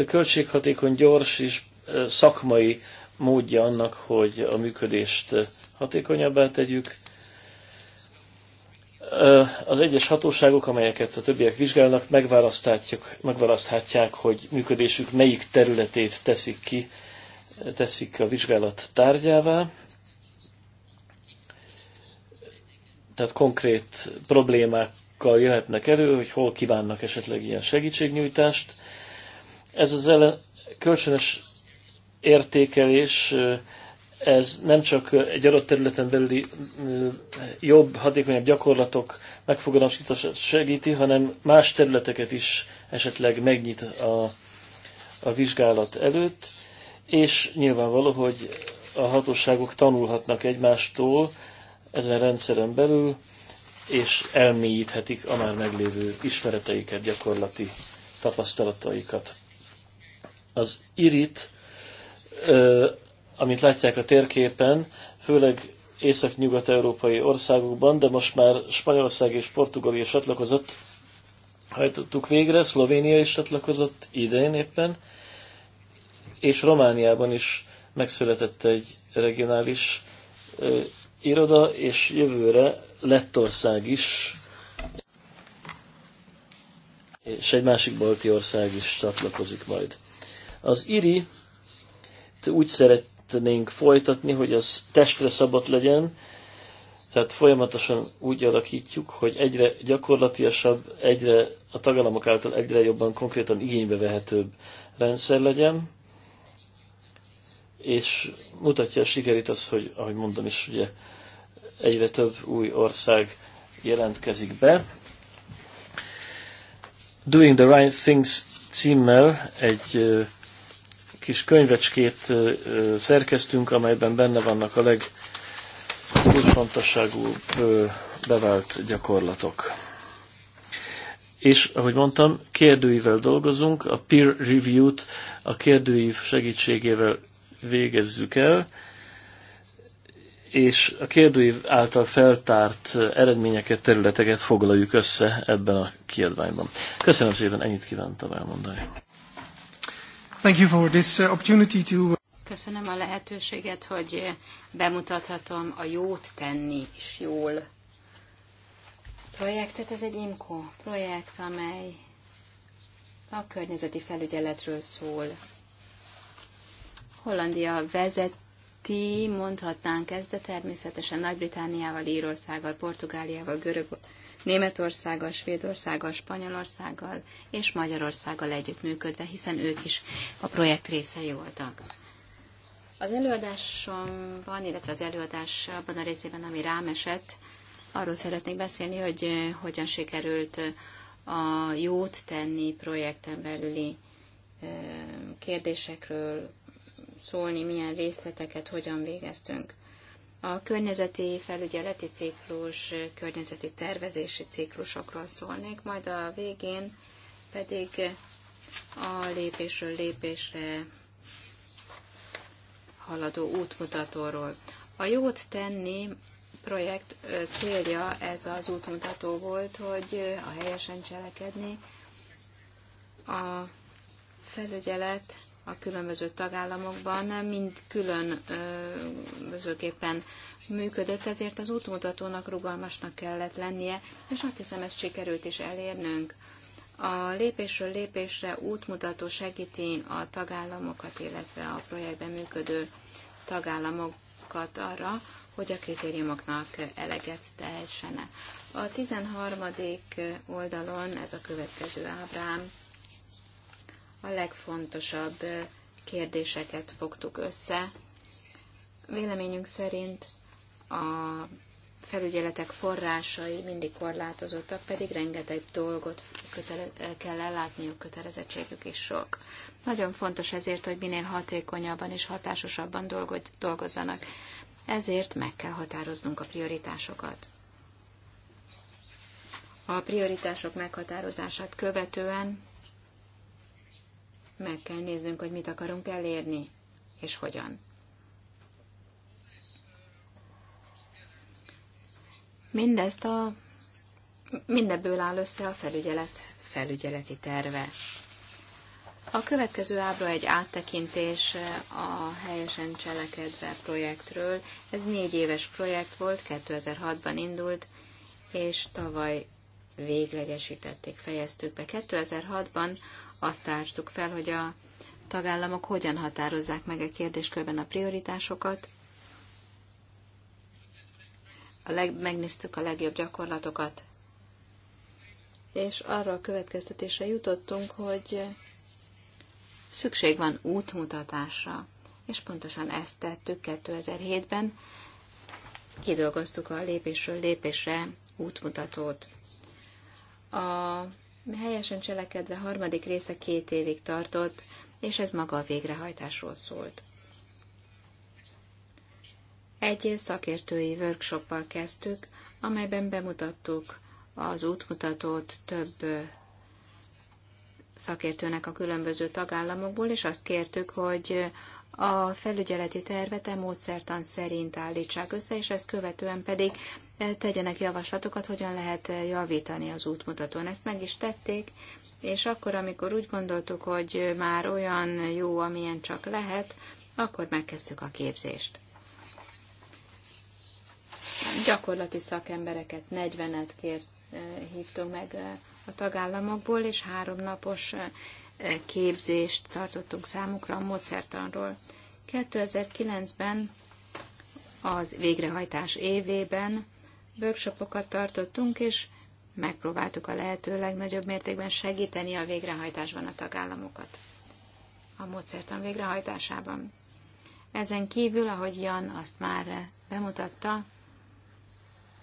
költséghatékony, gyors és szakmai módja annak, hogy a működést hatékonyabbá tegyük. Az egyes hatóságok, amelyeket a többiek vizsgálnak, megválaszthatják, hogy működésük melyik területét teszik ki, teszik a vizsgálat tárgyává, tehát konkrét problémákkal jöhetnek elő, hogy hol kívánnak esetleg ilyen segítségnyújtást. Ez az ellen, kölcsönös értékelés, ez nem csak egy adott területen belüli jobb, hatékonyabb gyakorlatok megfogalmazását segíti, hanem más területeket is esetleg megnyit a, a vizsgálat előtt, és nyilvánvaló, hogy a hatóságok tanulhatnak egymástól, ezen rendszeren belül, és elmélyíthetik a már meglévő ismereteiket, gyakorlati tapasztalataikat. Az irit, amit látják a térképen, főleg észak-nyugat-európai országokban, de most már Spanyolország és Portugália is csatlakozott, hajtottuk végre, Szlovénia is csatlakozott idén éppen, és Romániában is megszületett egy regionális iroda, és jövőre Lettország is, és egy másik balti ország is csatlakozik majd. Az IRI úgy szeretnénk folytatni, hogy az testre szabott legyen, tehát folyamatosan úgy alakítjuk, hogy egyre gyakorlatiasabb, egyre a tagállamok által egyre jobban konkrétan igénybe vehetőbb rendszer legyen, és mutatja a sikerét az, hogy ahogy mondom is, ugye egyre több új ország jelentkezik be. Doing the Right Things címmel egy kis könyvecskét szerkeztünk, amelyben benne vannak a legkulcsfontosságú bevált gyakorlatok. És, ahogy mondtam, kérdőivel dolgozunk, a peer review-t a kérdőív segítségével végezzük el, és a kérdőív által feltárt eredményeket, területeket foglaljuk össze ebben a kiadványban. Köszönöm szépen, ennyit kívántam elmondani. Thank you for this uh, opportunity to... Köszönöm a lehetőséget, hogy bemutathatom a jót tenni is jól projektet. Ez egy IMCO projekt, amely a környezeti felügyeletről szól. Hollandia vezet ti mondhatnánk ezt, de természetesen Nagy-Britániával, Írországgal, Portugáliával, Görög, Németországgal, Svédországgal, Spanyolországgal és Magyarországgal együttműködve, hiszen ők is a projekt részei voltak. Az előadásomban, illetve az előadásban a részében, ami rám esett, arról szeretnék beszélni, hogy eh, hogyan sikerült eh, a jót tenni projekten belüli eh, kérdésekről, szólni, milyen részleteket hogyan végeztünk. A környezeti felügyeleti ciklus, környezeti tervezési ciklusokról szólnék, majd a végén pedig a lépésről lépésre haladó útmutatóról. A jót tenni projekt célja ez az útmutató volt, hogy a helyesen cselekedni, a felügyelet a különböző tagállamokban mind különbözőképpen működött, ezért az útmutatónak rugalmasnak kellett lennie, és azt hiszem, ezt sikerült is elérnünk. A lépésről lépésre útmutató segíti a tagállamokat, illetve a projektben működő tagállamokat arra, hogy a kritériumoknak eleget tehessene. A 13. oldalon ez a következő ábrám a legfontosabb kérdéseket fogtuk össze. Véleményünk szerint a felügyeletek forrásai mindig korlátozottak, pedig rengeteg dolgot kötele- kell a kötelezettségük is sok. Nagyon fontos ezért, hogy minél hatékonyabban és hatásosabban dolgot, dolgozzanak. Ezért meg kell határoznunk a prioritásokat. A prioritások meghatározását követően meg kell néznünk, hogy mit akarunk elérni, és hogyan. Mindezt a, mindebből áll össze a felügyelet felügyeleti terve. A következő ábra egy áttekintés a helyesen cselekedve projektről. Ez négy éves projekt volt, 2006-ban indult, és tavaly véglegesítették, fejeztük be. 2006-ban azt tártuk fel, hogy a tagállamok hogyan határozzák meg a kérdéskörben a prioritásokat. A leg, megnéztük a legjobb gyakorlatokat, és arra a következtetésre jutottunk, hogy szükség van útmutatásra. És pontosan ezt tettük 2007-ben. Kidolgoztuk a lépésről lépésre útmutatót. A helyesen cselekedve harmadik része két évig tartott, és ez maga a végrehajtásról szólt. Egy szakértői workshoppal kezdtük, amelyben bemutattuk az útmutatót több szakértőnek a különböző tagállamokból, és azt kértük, hogy a felügyeleti tervet a e módszertan szerint állítsák össze, és ezt követően pedig e, tegyenek javaslatokat, hogyan lehet e, javítani az útmutatón. Ezt meg is tették, és akkor, amikor úgy gondoltuk, hogy már olyan jó, amilyen csak lehet, akkor megkezdtük a képzést. Gyakorlati szakembereket, 40-et kért, hívtunk meg a tagállamokból, és háromnapos képzést tartottunk számukra a módszertanról. 2009-ben az végrehajtás évében workshopokat tartottunk, és megpróbáltuk a lehető legnagyobb mértékben segíteni a végrehajtásban a tagállamokat, a módszertan végrehajtásában. Ezen kívül, ahogy Jan azt már bemutatta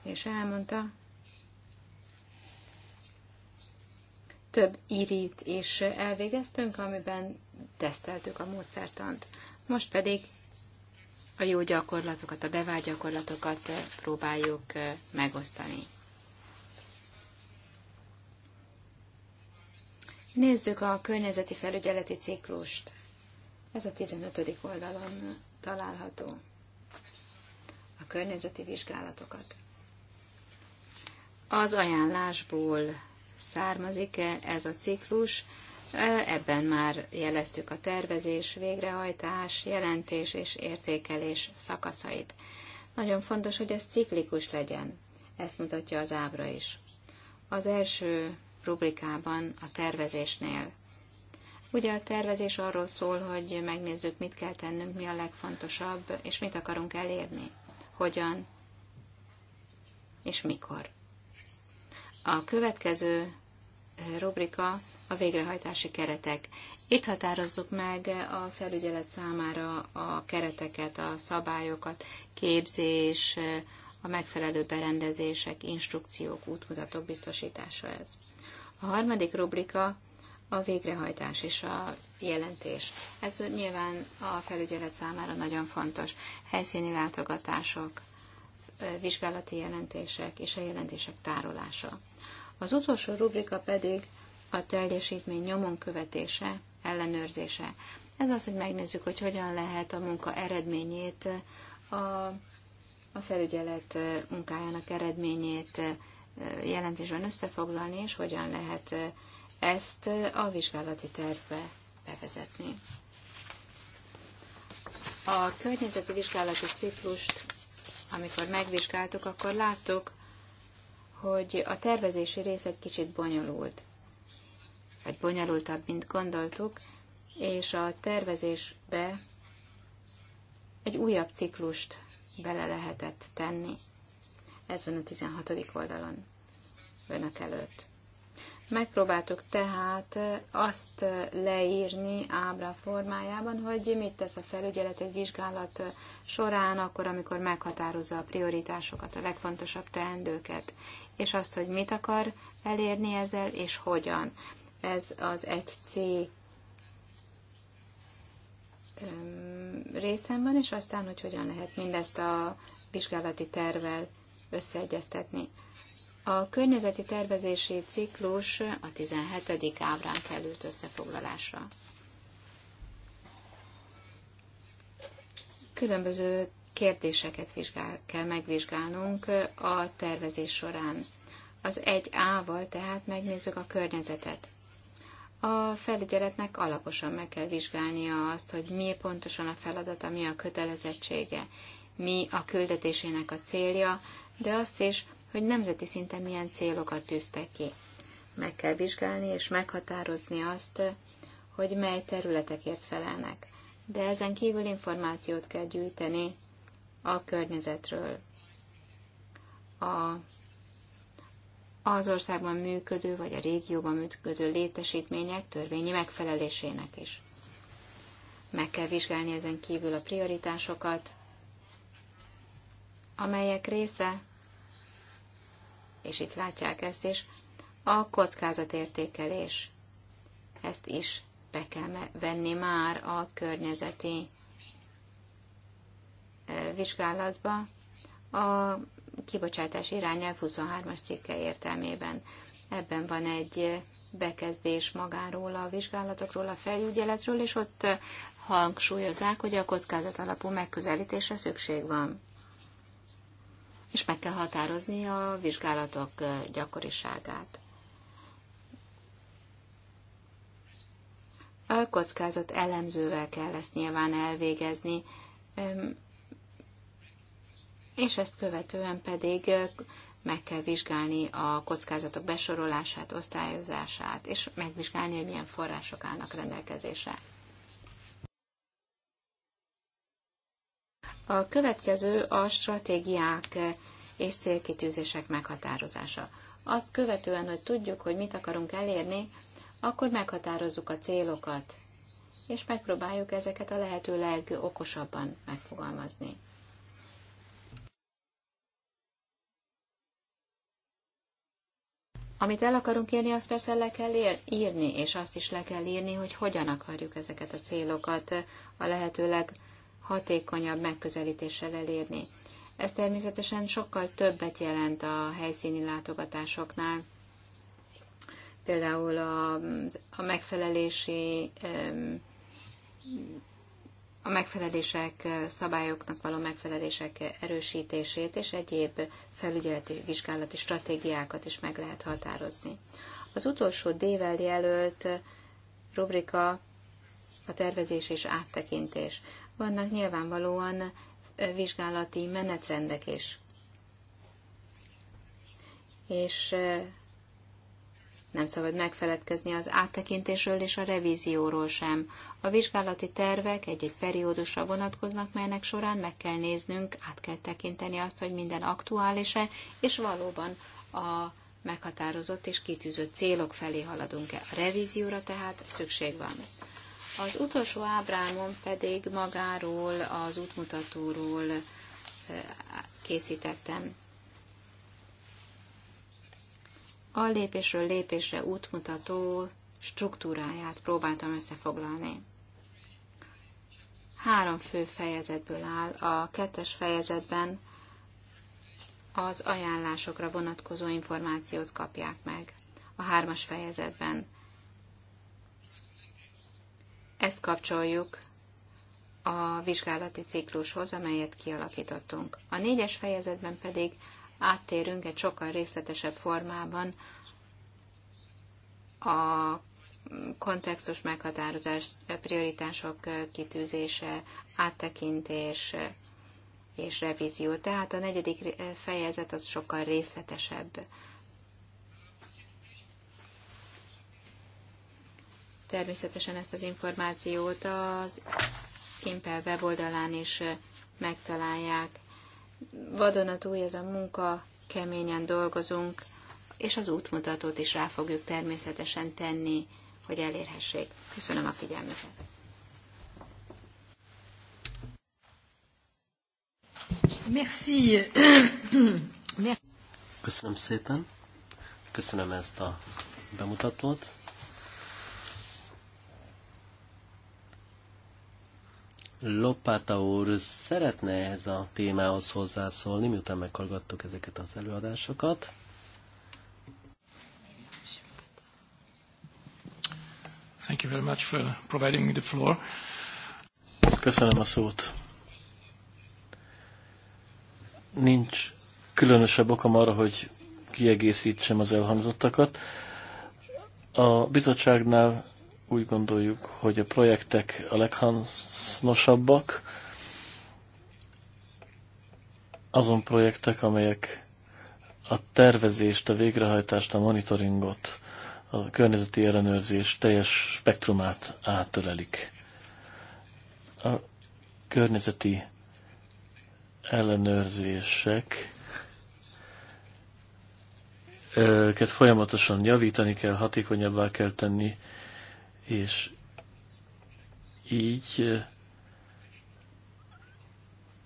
és elmondta, több írít is elvégeztünk, amiben teszteltük a módszertant. Most pedig a jó gyakorlatokat, a bevált gyakorlatokat próbáljuk megosztani. Nézzük a környezeti felügyeleti ciklust. Ez a 15. oldalon található. A környezeti vizsgálatokat. Az ajánlásból származik-e ez a ciklus. Ebben már jeleztük a tervezés, végrehajtás, jelentés és értékelés szakaszait. Nagyon fontos, hogy ez ciklikus legyen. Ezt mutatja az ábra is. Az első rubrikában a tervezésnél. Ugye a tervezés arról szól, hogy megnézzük, mit kell tennünk, mi a legfontosabb, és mit akarunk elérni, hogyan és mikor. A következő eh, rubrika a végrehajtási keretek. Itt határozzuk meg a felügyelet számára a kereteket, a szabályokat, képzés, eh, a megfelelő berendezések, instrukciók, útmutatók biztosítása ez. A harmadik rubrika a végrehajtás és a jelentés. Ez nyilván a felügyelet számára nagyon fontos. Helyszíni látogatások, eh, vizsgálati jelentések és a jelentések tárolása. Az utolsó rubrika pedig a teljesítmény nyomon követése, ellenőrzése. Ez az, hogy megnézzük, hogy hogyan lehet a munka eredményét, a, a felügyelet munkájának eredményét jelentésben összefoglalni, és hogyan lehet ezt a vizsgálati tervbe bevezetni. A környezeti vizsgálati ciklust, amikor megvizsgáltuk, akkor láttuk, hogy a tervezési rész egy kicsit bonyolult, Hát bonyolultabb, mint gondoltuk, és a tervezésbe egy újabb ciklust bele lehetett tenni. Ez van a 16. oldalon önök előtt. Megpróbáltuk tehát eh, azt eh, leírni ábra formájában, hogy mit tesz a felügyelet egy vizsgálat eh, során, akkor, amikor meghatározza a prioritásokat, a legfontosabb teendőket, és azt, hogy mit akar elérni ezzel, és hogyan. Ez az egy c részem van, és aztán, hogy hogyan lehet mindezt a vizsgálati tervel összeegyeztetni. A környezeti tervezési ciklus a 17. ábrán került összefoglalásra. Különböző kérdéseket vizsgál, kell megvizsgálnunk a tervezés során. Az 1A-val tehát megnézzük a környezetet. A felügyeletnek alaposan meg kell vizsgálnia azt, hogy mi pontosan a feladata, mi a kötelezettsége, mi a küldetésének a célja, de azt is, hogy nemzeti szinten milyen célokat tűztek ki. Meg kell vizsgálni és meghatározni azt, hogy mely területekért felelnek. De ezen kívül információt kell gyűjteni a környezetről, a, az országban működő vagy a régióban működő létesítmények törvényi megfelelésének is. Meg kell vizsgálni ezen kívül a prioritásokat, amelyek része és itt látják ezt is, a kockázatértékelés. Ezt is be kell venni már a környezeti e, vizsgálatba a kibocsátás irányelv 23-as cikke értelmében. Ebben van egy bekezdés magáról, a vizsgálatokról, a felügyeletről, és ott hangsúlyozzák, hogy a kockázat alapú megközelítésre szükség van és meg kell határozni a vizsgálatok gyakoriságát. A kockázat elemzővel kell ezt nyilván elvégezni, és ezt követően pedig meg kell vizsgálni a kockázatok besorolását, osztályozását, és megvizsgálni, hogy milyen források állnak rendelkezésre. A következő a stratégiák és célkitűzések meghatározása. Azt követően, hogy tudjuk, hogy mit akarunk elérni, akkor meghatározzuk a célokat, és megpróbáljuk ezeket a lehető legokosabban megfogalmazni. Amit el akarunk írni, azt persze le kell írni, és azt is le kell írni, hogy hogyan akarjuk ezeket a célokat a lehető legokosabban hatékonyabb megközelítéssel elérni. Ez természetesen sokkal többet jelent a helyszíni látogatásoknál, például a, a megfelelési a megfelelések, szabályoknak való megfelelések erősítését és egyéb felügyeleti vizsgálati stratégiákat is meg lehet határozni. Az utolsó D-vel jelölt rubrika a tervezés és áttekintés. Vannak nyilvánvalóan vizsgálati menetrendek is. És nem szabad megfeledkezni az áttekintésről és a revízióról sem. A vizsgálati tervek egy-egy periódusra vonatkoznak, melynek során meg kell néznünk, át kell tekinteni azt, hogy minden aktuális-e, és valóban a meghatározott és kitűzött célok felé haladunk-e. A revízióra tehát szükség van. Az utolsó ábrámon pedig magáról, az útmutatóról készítettem. A lépésről lépésre útmutató struktúráját próbáltam összefoglalni. Három fő fejezetből áll. A kettes fejezetben az ajánlásokra vonatkozó információt kapják meg. A hármas fejezetben ezt kapcsoljuk a vizsgálati ciklushoz, amelyet kialakítottunk. A négyes fejezetben pedig áttérünk egy sokkal részletesebb formában a kontextus meghatározás, prioritások kitűzése, áttekintés és revízió. Tehát a negyedik fejezet az sokkal részletesebb Természetesen ezt az információt az Impel weboldalán is megtalálják. Vadonatúj ez a munka, keményen dolgozunk, és az útmutatót is rá fogjuk természetesen tenni, hogy elérhessék. Köszönöm a figyelmüket! Merci. Köszönöm szépen. Köszönöm ezt a bemutatót. Lopáta úr szeretne ehhez a témához hozzászólni, miután meghallgattuk ezeket az előadásokat. Thank you very much for providing me the floor. Köszönöm a szót. Nincs különösebb okom arra, hogy kiegészítsem az elhangzottakat. A bizottságnál úgy gondoljuk, hogy a projektek a leghasznosabbak, azon projektek, amelyek a tervezést, a végrehajtást, a monitoringot, a környezeti ellenőrzés teljes spektrumát átölelik. A környezeti ellenőrzések őket folyamatosan javítani kell, hatékonyabbá kell tenni és így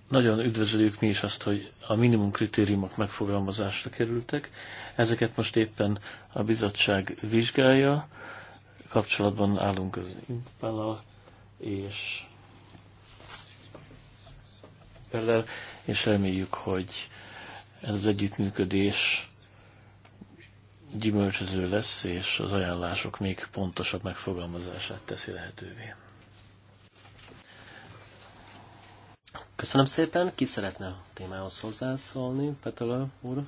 nagyon üdvözöljük mi is azt, hogy a minimum kritériumok megfogalmazásra kerültek. Ezeket most éppen a bizottság vizsgálja, kapcsolatban állunk az impala és Pellel, és reméljük, hogy ez az együttműködés gyümölcsöző lesz, és az ajánlások még pontosabb megfogalmazását teszi lehetővé. Köszönöm szépen. Ki szeretne a témához hozzászólni, Petela úr?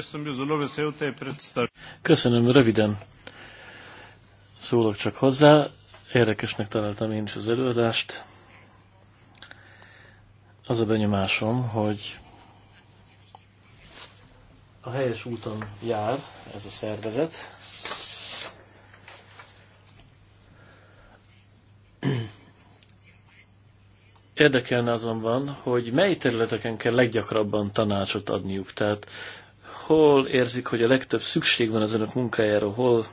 sem te Köszönöm, röviden szólok csak hozzá. Érdekesnek találtam én is az előadást. Az a benyomásom, hogy a helyes úton jár ez a szervezet. Érdekelne azonban, hogy mely területeken kell leggyakrabban tanácsot adniuk. Tehát hol érzik, hogy a legtöbb szükség van az önök munkájára, hol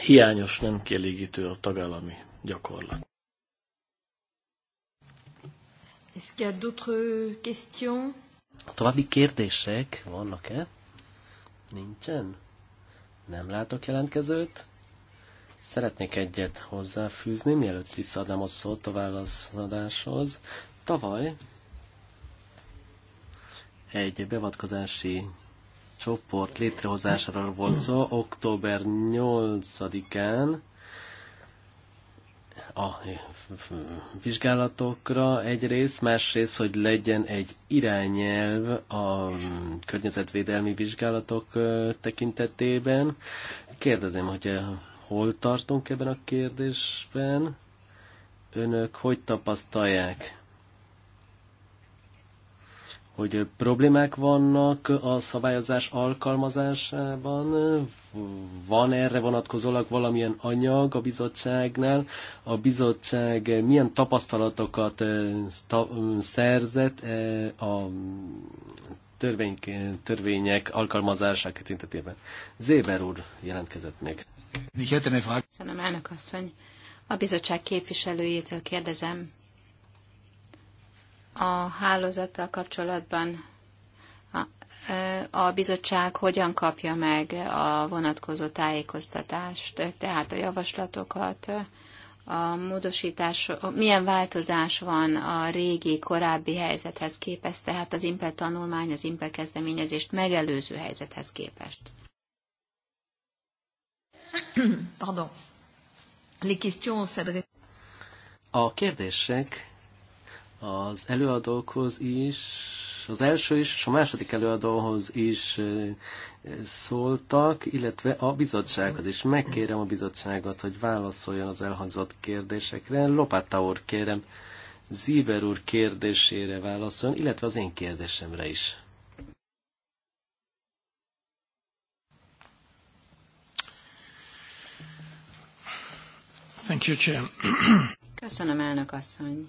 hiányos, nem kielégítő a tagállami gyakorlat. Est-ce qu'il y a d'autres questions? További kérdések vannak-e? Nincsen? Nem látok jelentkezőt? Szeretnék egyet hozzáfűzni, mielőtt visszaadnám a szót a válaszadáshoz. Tavaly egy bevatkozási csoport létrehozásáról volt szó október 8-án a vizsgálatokra egyrészt, másrészt, hogy legyen egy irányelv a környezetvédelmi vizsgálatok tekintetében. Kérdezem, hogy hol tartunk ebben a kérdésben? Önök hogy tapasztalják hogy problémák vannak a szabályozás alkalmazásában? Van erre vonatkozólag valamilyen anyag a bizottságnál? A bizottság milyen tapasztalatokat eh, szerzett eh, a törvény, törvények alkalmazását tekintetében? Zéber úr jelentkezett még. Köszönöm, elnök asszony. A bizottság képviselőjétől kérdezem, a hálózattal kapcsolatban a bizottság hogyan kapja meg a vonatkozó tájékoztatást, tehát a javaslatokat, a módosítás, milyen változás van a régi, korábbi helyzethez képest, tehát az impel tanulmány, az impel kezdeményezést megelőző helyzethez képest. Pardon. Les questions s'adressent. A kérdések az előadókhoz is, az első is, és a második előadóhoz is szóltak, illetve a bizottsághoz is. Megkérem a bizottságot, hogy válaszoljon az elhangzott kérdésekre. Lopata úr, kérem, Zíber úr kérdésére válaszoljon, illetve az én kérdésemre is. Thank you, Chair. Köszönöm, elnök asszony.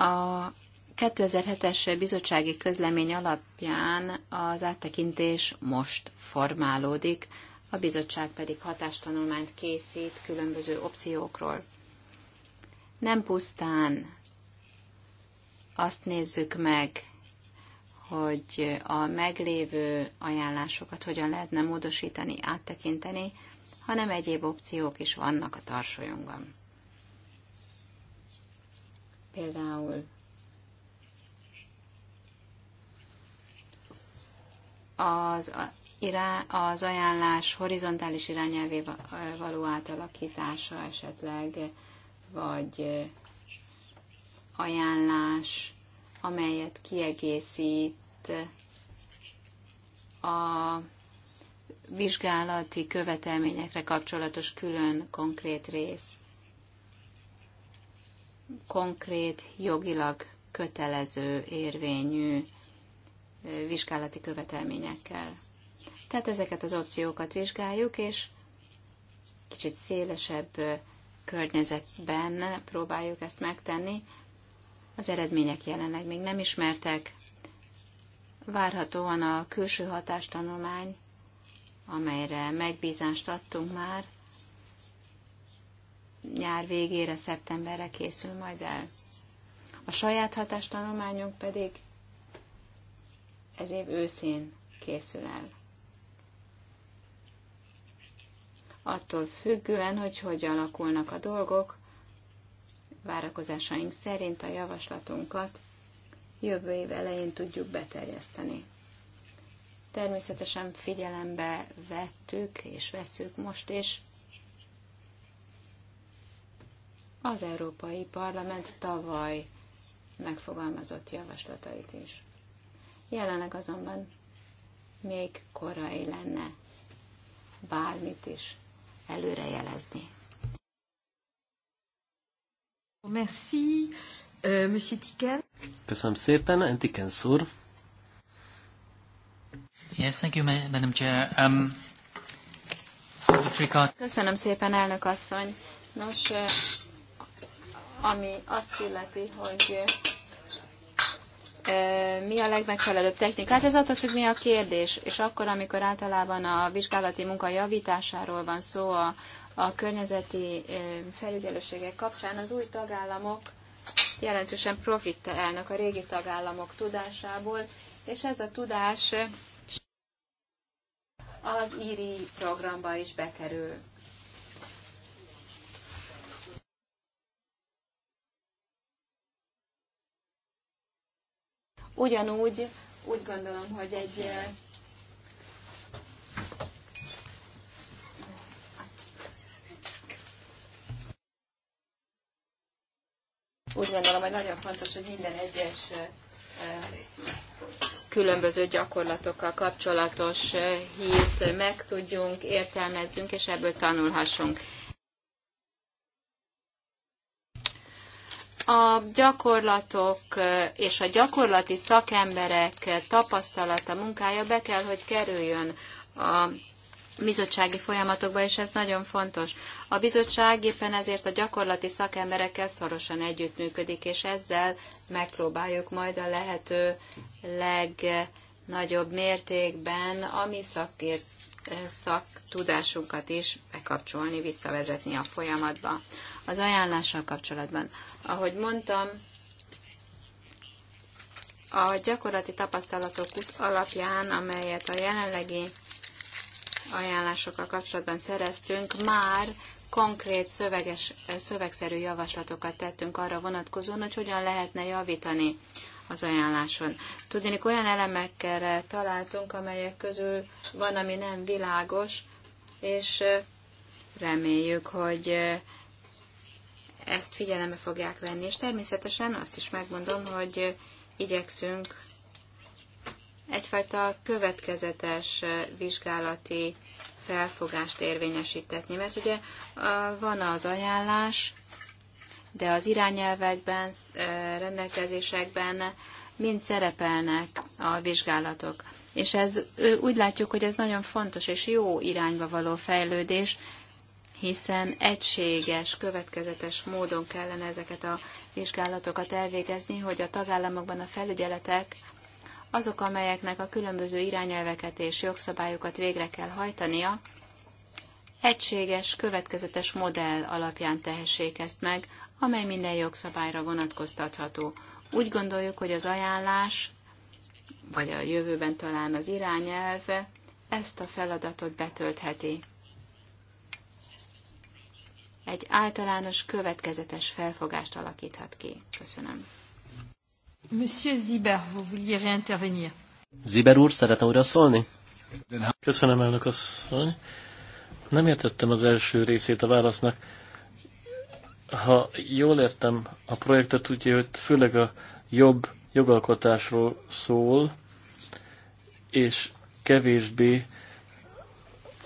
A 2007-es bizottsági közlemény alapján az áttekintés most formálódik, a bizottság pedig hatástanulmányt készít különböző opciókról. Nem pusztán azt nézzük meg, hogy a meglévő ajánlásokat hogyan lehetne módosítani, áttekinteni, hanem egyéb opciók is vannak a tarsolyunkban például az, az ajánlás horizontális irányelvé való átalakítása esetleg, vagy ajánlás, amelyet kiegészít a vizsgálati követelményekre kapcsolatos külön konkrét rész konkrét, jogilag kötelező, érvényű vizsgálati követelményekkel. Tehát ezeket az opciókat vizsgáljuk, és kicsit szélesebb környezetben próbáljuk ezt megtenni. Az eredmények jelenleg még nem ismertek. Várhatóan a külső hatástanulmány, amelyre megbízást adtunk már, nyár végére, szeptemberre készül majd el. A saját hatástanulmányunk pedig ez év őszén készül el. Attól függően, hogy hogy alakulnak a dolgok, várakozásaink szerint a javaslatunkat jövő év elején tudjuk beterjeszteni. Természetesen figyelembe vettük és veszük most is az Európai Parlament tavaly megfogalmazott javaslatait is. Jelenleg azonban még korai lenne bármit is előrejelezni. Merci, euh, Monsieur Tiken. Köszönöm szépen, Antiken szúr. Yes, thank you, Madam Chair. Um, Köszönöm szépen, elnök asszony. Nos, ami azt illeti, hogy mi a legmegfelelőbb technika? Hát ez attól függ, mi a kérdés. És akkor, amikor általában a vizsgálati munka javításáról van szó a, a környezeti felügyelőségek kapcsán, az új tagállamok jelentősen profitelnek a régi tagállamok tudásából, és ez a tudás az íri programba is bekerül. Ugyanúgy úgy gondolom, hogy egy úgy gondolom, hogy nagyon fontos, hogy minden egyes különböző gyakorlatokkal kapcsolatos hírt megtudjunk, értelmezzünk, és ebből tanulhassunk. a gyakorlatok és a gyakorlati szakemberek tapasztalata, munkája be kell, hogy kerüljön a bizottsági folyamatokba, és ez nagyon fontos. A bizottság éppen ezért a gyakorlati szakemberekkel szorosan együttműködik, és ezzel megpróbáljuk majd a lehető legnagyobb mértékben a mi szakért szaktudásunkat is bekapcsolni, visszavezetni a folyamatba. Az ajánlással kapcsolatban, ahogy mondtam, a gyakorlati tapasztalatok alapján, amelyet a jelenlegi ajánlásokkal kapcsolatban szereztünk, már konkrét szöveges, szövegszerű javaslatokat tettünk arra vonatkozóan, hogy hogyan lehetne javítani az ajánláson. Tudnék, olyan elemekkel találtunk, amelyek közül van, ami nem világos, és reméljük, hogy ezt figyelembe fogják venni, és természetesen azt is megmondom, hogy igyekszünk egyfajta következetes vizsgálati felfogást érvényesítetni, mert ugye van az ajánlás, de az irányelvekben, rendelkezésekben mind szerepelnek a vizsgálatok. És ez úgy látjuk, hogy ez nagyon fontos és jó irányba való fejlődés, hiszen egységes, következetes módon kellene ezeket a vizsgálatokat elvégezni, hogy a tagállamokban a felügyeletek azok, amelyeknek a különböző irányelveket és jogszabályokat végre kell hajtania, egységes, következetes modell alapján tehessék ezt meg amely minden jogszabályra vonatkoztatható. Úgy gondoljuk, hogy az ajánlás, vagy a jövőben talán az irányelve ezt a feladatot betöltheti. Egy általános, következetes felfogást alakíthat ki. Köszönöm. Monsieur Ziber, vous vouliez réintervenir. Ziber úr, szeretne újra szólni? Köszönöm, elnök asszony. Nem értettem az első részét a válasznak. Ha jól értem a projektet, ugye, hogy főleg a jobb jogalkotásról szól, és kevésbé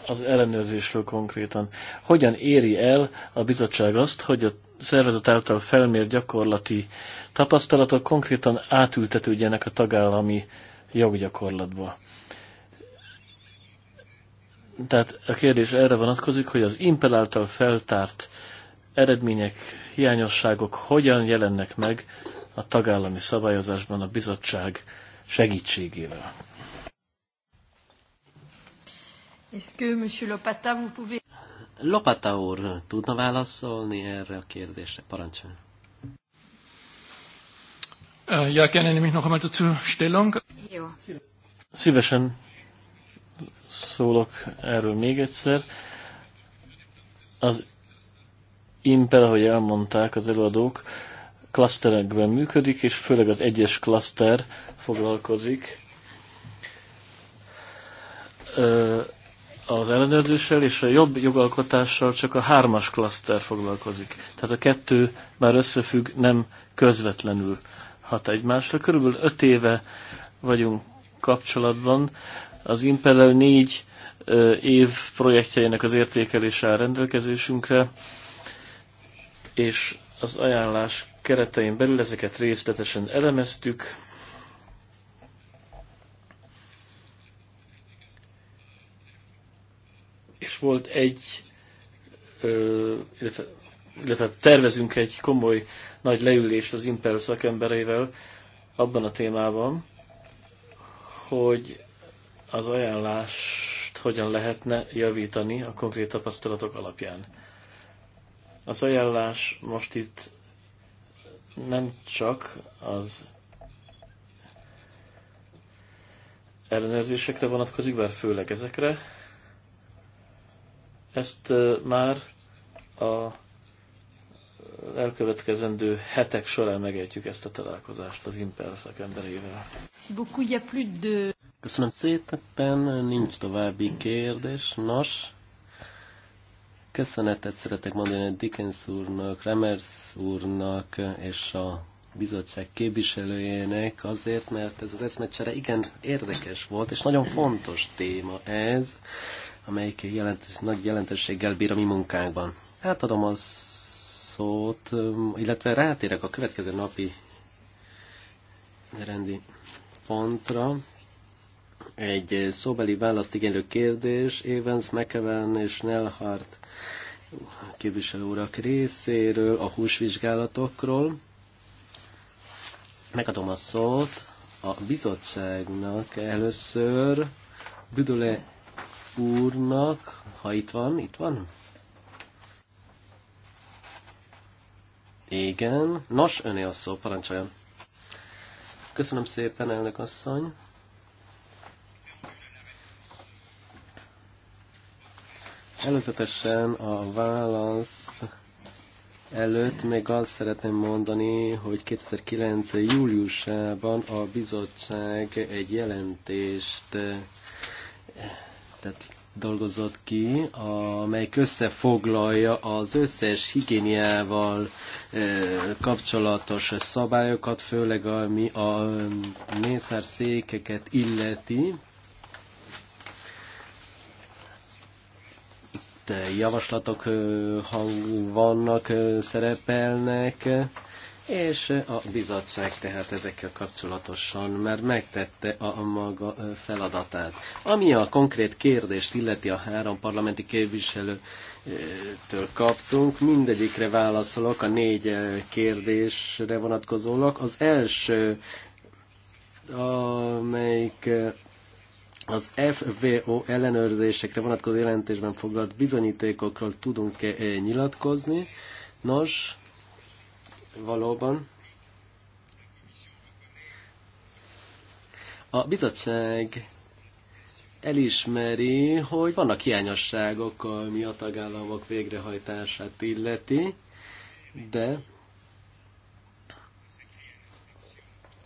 az ellenőrzésről konkrétan. Hogyan éri el a bizottság azt, hogy a szervezet által felmér gyakorlati tapasztalatok konkrétan átültetődjenek a tagállami joggyakorlatba? Tehát a kérdés erre vonatkozik, hogy az Impel által feltárt eredmények, hiányosságok hogyan jelennek meg a tagállami szabályozásban a bizottság segítségével. Lopata úr tudna válaszolni erre a kérdésre? Parancsoljon. Ja, gerne nehme ich noch einmal dazu Stellung. Jó. Szívesen szólok erről még egyszer. Az Impel, ahogy elmondták az előadók, klaszterekben működik, és főleg az egyes klaszter foglalkozik az ellenőrzéssel, és a jobb jogalkotással csak a hármas klaszter foglalkozik. Tehát a kettő már összefügg, nem közvetlenül hat egymásra. Körülbelül öt éve vagyunk kapcsolatban. Az Impel négy év projektjeinek az értékelése áll rendelkezésünkre és az ajánlás keretein belül ezeket részletesen elemeztük. És volt egy, illetve, illetve tervezünk egy komoly nagy leülést az Impel szakembereivel abban a témában, hogy az ajánlást hogyan lehetne javítani a konkrét tapasztalatok alapján az ajánlás most itt nem csak az ellenőrzésekre vonatkozik, bár főleg ezekre. Ezt már a elkövetkezendő hetek során megejtjük ezt a találkozást az Impel szakemberével. Köszönöm szépen, nincs további kérdés. Nos, Köszönetet szeretek mondani Dickens úrnak, Remers úrnak és a bizottság képviselőjének azért, mert ez az eszmecsere igen érdekes volt, és nagyon fontos téma ez, amelyik jelent, nagy jelentőséggel bír a mi munkánkban. Átadom a szót, illetve rátérek a következő napi rendi pontra, egy szóbeli választ igénylő kérdés Evans, McEwen és Nelhart képviselő urak részéről a húsvizsgálatokról. Megadom a szót a bizottságnak először Büdöle úrnak, ha itt van, itt van? Igen. Nos, öné a szó, parancsoljon. Köszönöm szépen, elnök asszony. Előzetesen a válasz előtt még azt szeretném mondani, hogy 2009. júliusában a bizottság egy jelentést tehát dolgozott ki, amelyik összefoglalja az összes higiéniával eh, kapcsolatos szabályokat, főleg ami a mm, mészárszékeket illeti Eh, javaslatok eh, vannak, eh, szerepelnek, és a bizottság tehát ezekkel kapcsolatosan már megtette a maga feladatát. Ami a konkrét kérdést illeti a három parlamenti képviselő, től kaptunk. Mindegyikre válaszolok a négy kérdésre vonatkozólag. Az első, amelyik az FVO ellenőrzésekre vonatkozó jelentésben foglalt bizonyítékokról tudunk-e e, nyilatkozni. Nos, valóban. A bizottság elismeri, hogy vannak hiányosságok, ami a tagállamok végrehajtását illeti, de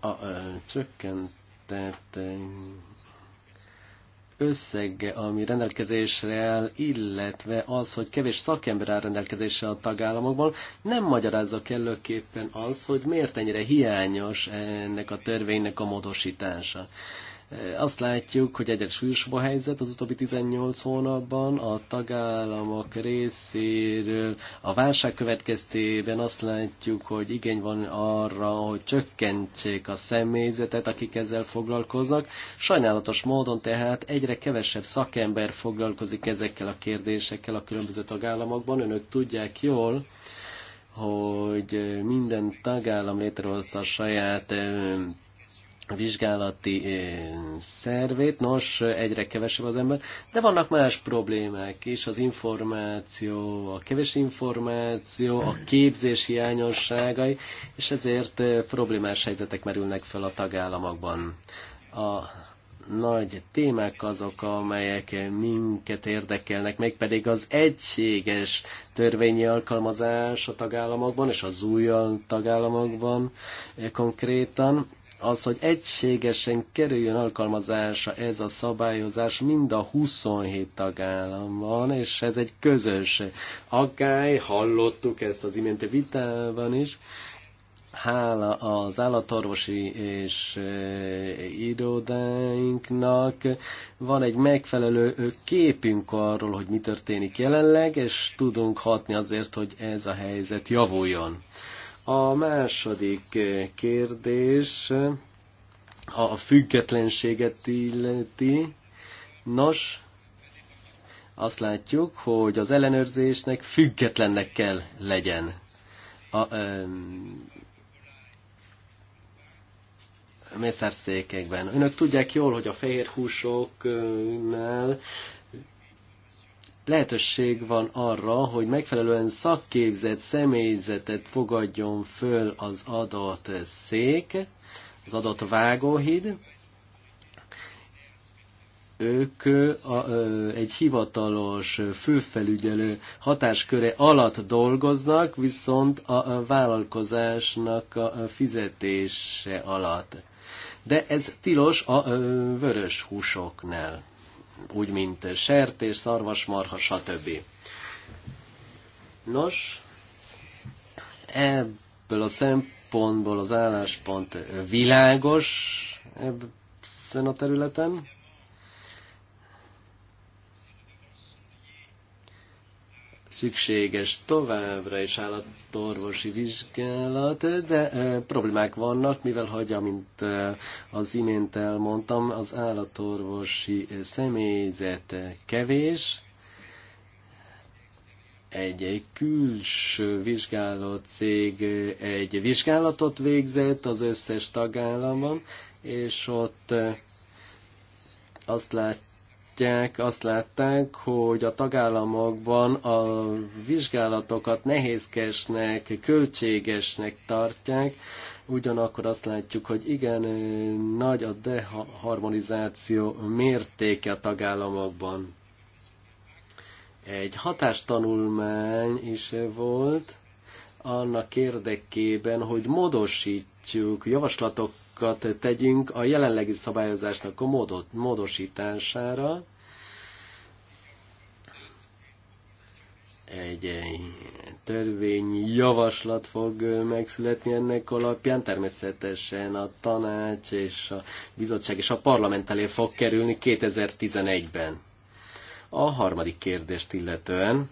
a, a csökkentett összege, ami rendelkezésre áll, illetve az, hogy kevés szakember áll rendelkezésre a tagállamokban, nem magyarázza kellőképpen az, hogy miért ennyire hiányos ennek a törvénynek a módosítása. Eh, azt látjuk, hogy egyre súlyosabb a helyzet az utóbbi 18 hónapban a tagállamok részéről. A válság következtében azt látjuk, hogy igény van arra, hogy csökkentsék a személyzetet, akik ezzel foglalkoznak. Sajnálatos módon tehát egyre kevesebb szakember foglalkozik ezekkel a kérdésekkel a különböző tagállamokban. Önök tudják jól, hogy minden tagállam létrehozta a saját eh, vizsgálati eh, szervét, nos, egyre kevesebb az ember, de vannak más problémák is, az információ, a kevés információ, a képzés hiányosságai, és ezért eh, problémás helyzetek merülnek fel a tagállamokban. A nagy témák azok, amelyek minket érdekelnek, meg pedig az egységes törvényi alkalmazás a tagállamokban és az új tagállamokban eh, konkrétan az, hogy egységesen kerüljön alkalmazása ez a szabályozás mind a 27 tagállamban, és ez egy közös aggály, hallottuk ezt az iménti vitában is, hála az állatorvosi és eh, irodáinknak van egy megfelelő eh, képünk arról, hogy mi történik jelenleg, és tudunk hatni azért, hogy ez a helyzet javuljon. A második eh, kérdés a függetlenséget illeti. Nos, azt látjuk, hogy az ellenőrzésnek függetlennek kell legyen. A, a mészárszékekben. Önök tudják jól, hogy a fehér húsoknál lehetőség van arra, hogy megfelelően szakképzett személyzetet fogadjon föl az adott szék, az adott vágóhíd. Ők a, a, egy hivatalos főfelügyelő hatásköre alatt dolgoznak, viszont a, a vállalkozásnak a, a fizetése alatt. De ez tilos a a vörös húsoknál úgy mint sertés, szarvasmarha, stb. Nos, ebből a szempontból az álláspont világos ebben a területen, szükséges továbbra is állatorvosi vizsgálat, de e, problémák vannak, mivel hogy, amint e, az imént elmondtam, az állatorvosi személyzet kevés, egy, egy külső vizsgáló cég egy vizsgálatot végzett az összes tagállamon, és ott azt látjuk, látják, azt látták, hogy a tagállamokban a vizsgálatokat nehézkesnek, költségesnek tartják, ugyanakkor azt látjuk, hogy igen, nagy a deharmonizáció mértéke a tagállamokban. Egy hatástanulmány is volt annak érdekében, hogy módosítjuk, javaslatok javaslatokat tegyünk a jelenlegi szabályozásnak a módot, módosítására. Egy törvényjavaslat fog megszületni ennek alapján. Természetesen a tanács és a bizottság és a parlament elé fog kerülni 2011-ben. A harmadik kérdést illetően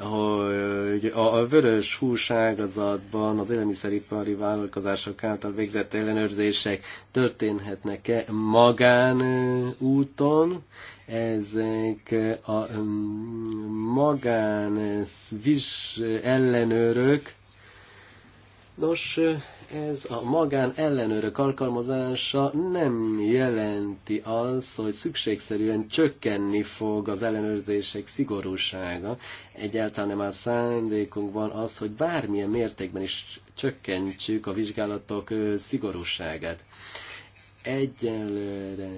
hogy a vörös húságazatban az élelmiszeripari vállalkozások által végzett ellenőrzések történhetnek-e magán úton, ezek a mm, magán eh, ellenőrök Nos, ez a magán ellenőrök alkalmazása nem jelenti az, hogy szükségszerűen csökkenni fog az ellenőrzések szigorúsága. Egyáltalán nem a van az, hogy bármilyen mértékben is csökkentsük a vizsgálatok szigorúságát. Egyelőre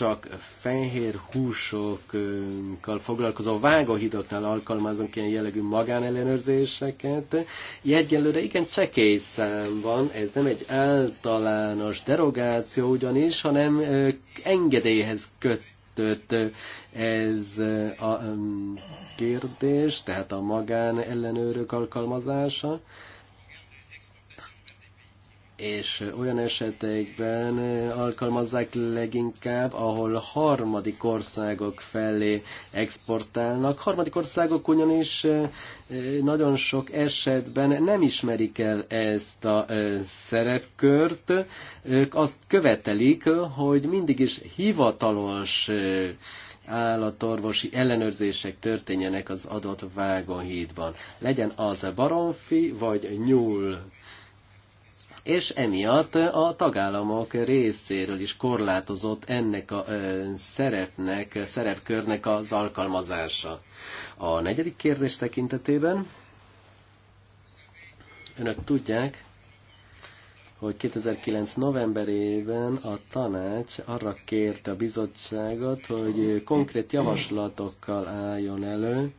csak fehér húsokkal foglalkozó vágóhidoknál alkalmazunk ilyen jellegű magánellenőrzéseket. Egyelőre igen csekély szám van, ez nem egy általános derogáció ugyanis, hanem engedélyhez kötött ez a mm, kérdés, tehát a magánellenőrök alkalmazása és olyan esetekben alkalmazzák leginkább, ahol harmadik országok felé exportálnak. Harmadik országok ugyanis eh, nagyon sok esetben nem ismerik el ezt a eh, szerepkört. Ők azt követelik, hogy mindig is hivatalos eh, állatorvosi ellenőrzések történjenek az adott vágóhídban. Legyen az baromfi vagy nyúl és emiatt a tagállamok részéről is korlátozott ennek a szerepnek, szerepkörnek az alkalmazása. A negyedik kérdés tekintetében önök tudják, hogy 2009. novemberében a tanács arra kérte a bizottságot, hogy konkrét javaslatokkal álljon elő,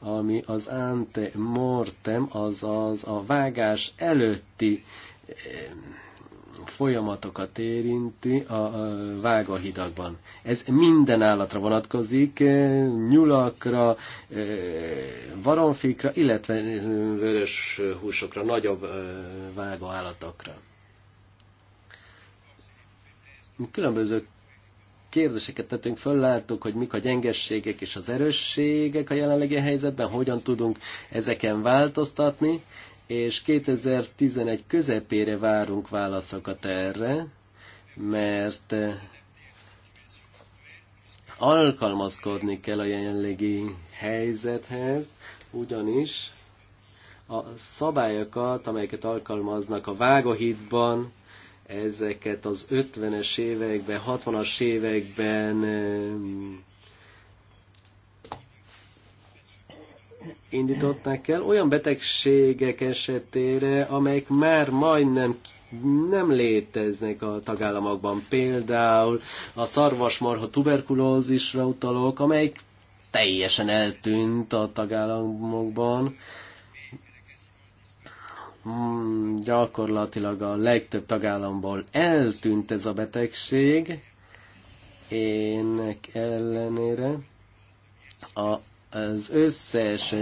ami az ante mortem, azaz a vágás előtti folyamatokat érinti a vágahidakban. Ez minden állatra vonatkozik, e, nyulakra, e, varonfikra, illetve vörös húsokra, nagyobb e, vágóállatokra. Különböző kérdéseket tettünk föl, láttuk, hogy mik a gyengességek és az erősségek a jelenlegi helyzetben, hogyan tudunk ezeken változtatni, és 2011 közepére várunk válaszokat erre, mert eh, alkalmazkodni kell a jelenlegi helyzethez, ugyanis a szabályokat, amelyeket alkalmaznak a vágóhídban, ezeket az 50-es években, 60-as években eh, indították el olyan betegségek esetére, amelyek már majdnem nem léteznek a tagállamokban. Például a szarvasmarha tuberkulózisra utalok, amelyik teljesen eltűnt a tagállamokban. Hmm, gyakorlatilag a legtöbb tagállamból eltűnt ez a betegség, ennek ellenére a az összes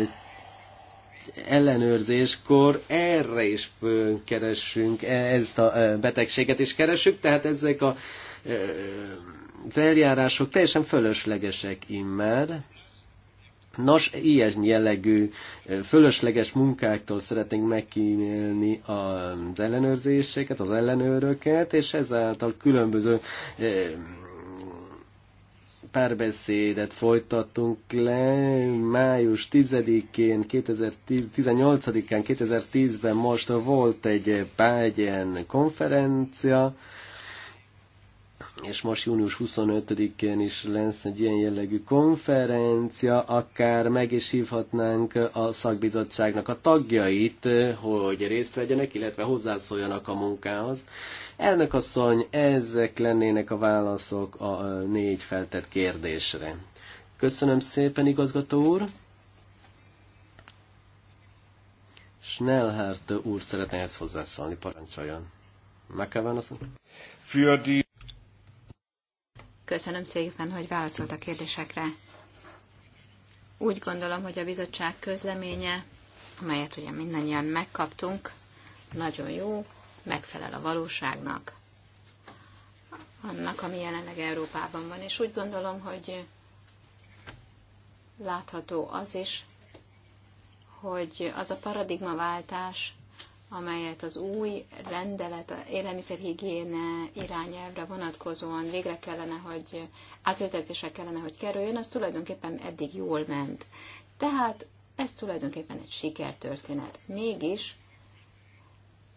ellenőrzéskor erre is keresünk, e, ezt a betegséget is keresünk, tehát ezek a feljárások teljesen fölöslegesek immár. Nos, ilyen jellegű fölösleges munkáktól szeretnénk megkímélni az ellenőrzéseket, az ellenőröket, és ezáltal különböző párbeszédet folytattunk le május 10-én, 2018-án, 2010-ben most volt egy, Biden konferencia, és most június 25-én is lesz egy ilyen jellegű konferencia, akár meg is hívhatnánk a szakbizottságnak a tagjait, eh, hogy részt vegyenek, illetve hozzászóljanak a munkához. Elnök asszony, ezek lennének a válaszok a eh, négy feltett kérdésre. Köszönöm szépen, igazgató úr! Schnellhardt úr szeretne ezt hozzászólni, parancsoljon. Megkíván az? Für Köszönöm szépen, hogy válaszolt a kérdésekre. Úgy gondolom, hogy a bizottság közleménye, amelyet ugye mindannyian megkaptunk, nagyon jó, megfelel a valóságnak, annak, ami jelenleg Európában van. És úgy gondolom, hogy látható az is, hogy az a paradigmaváltás, amelyet az új rendelet, élelmiszerhigiéne irányelvre vonatkozóan végre kellene, hogy átültetésre kellene, hogy kerüljön, az tulajdonképpen eddig jól ment. Tehát ez tulajdonképpen egy sikertörténet. Mégis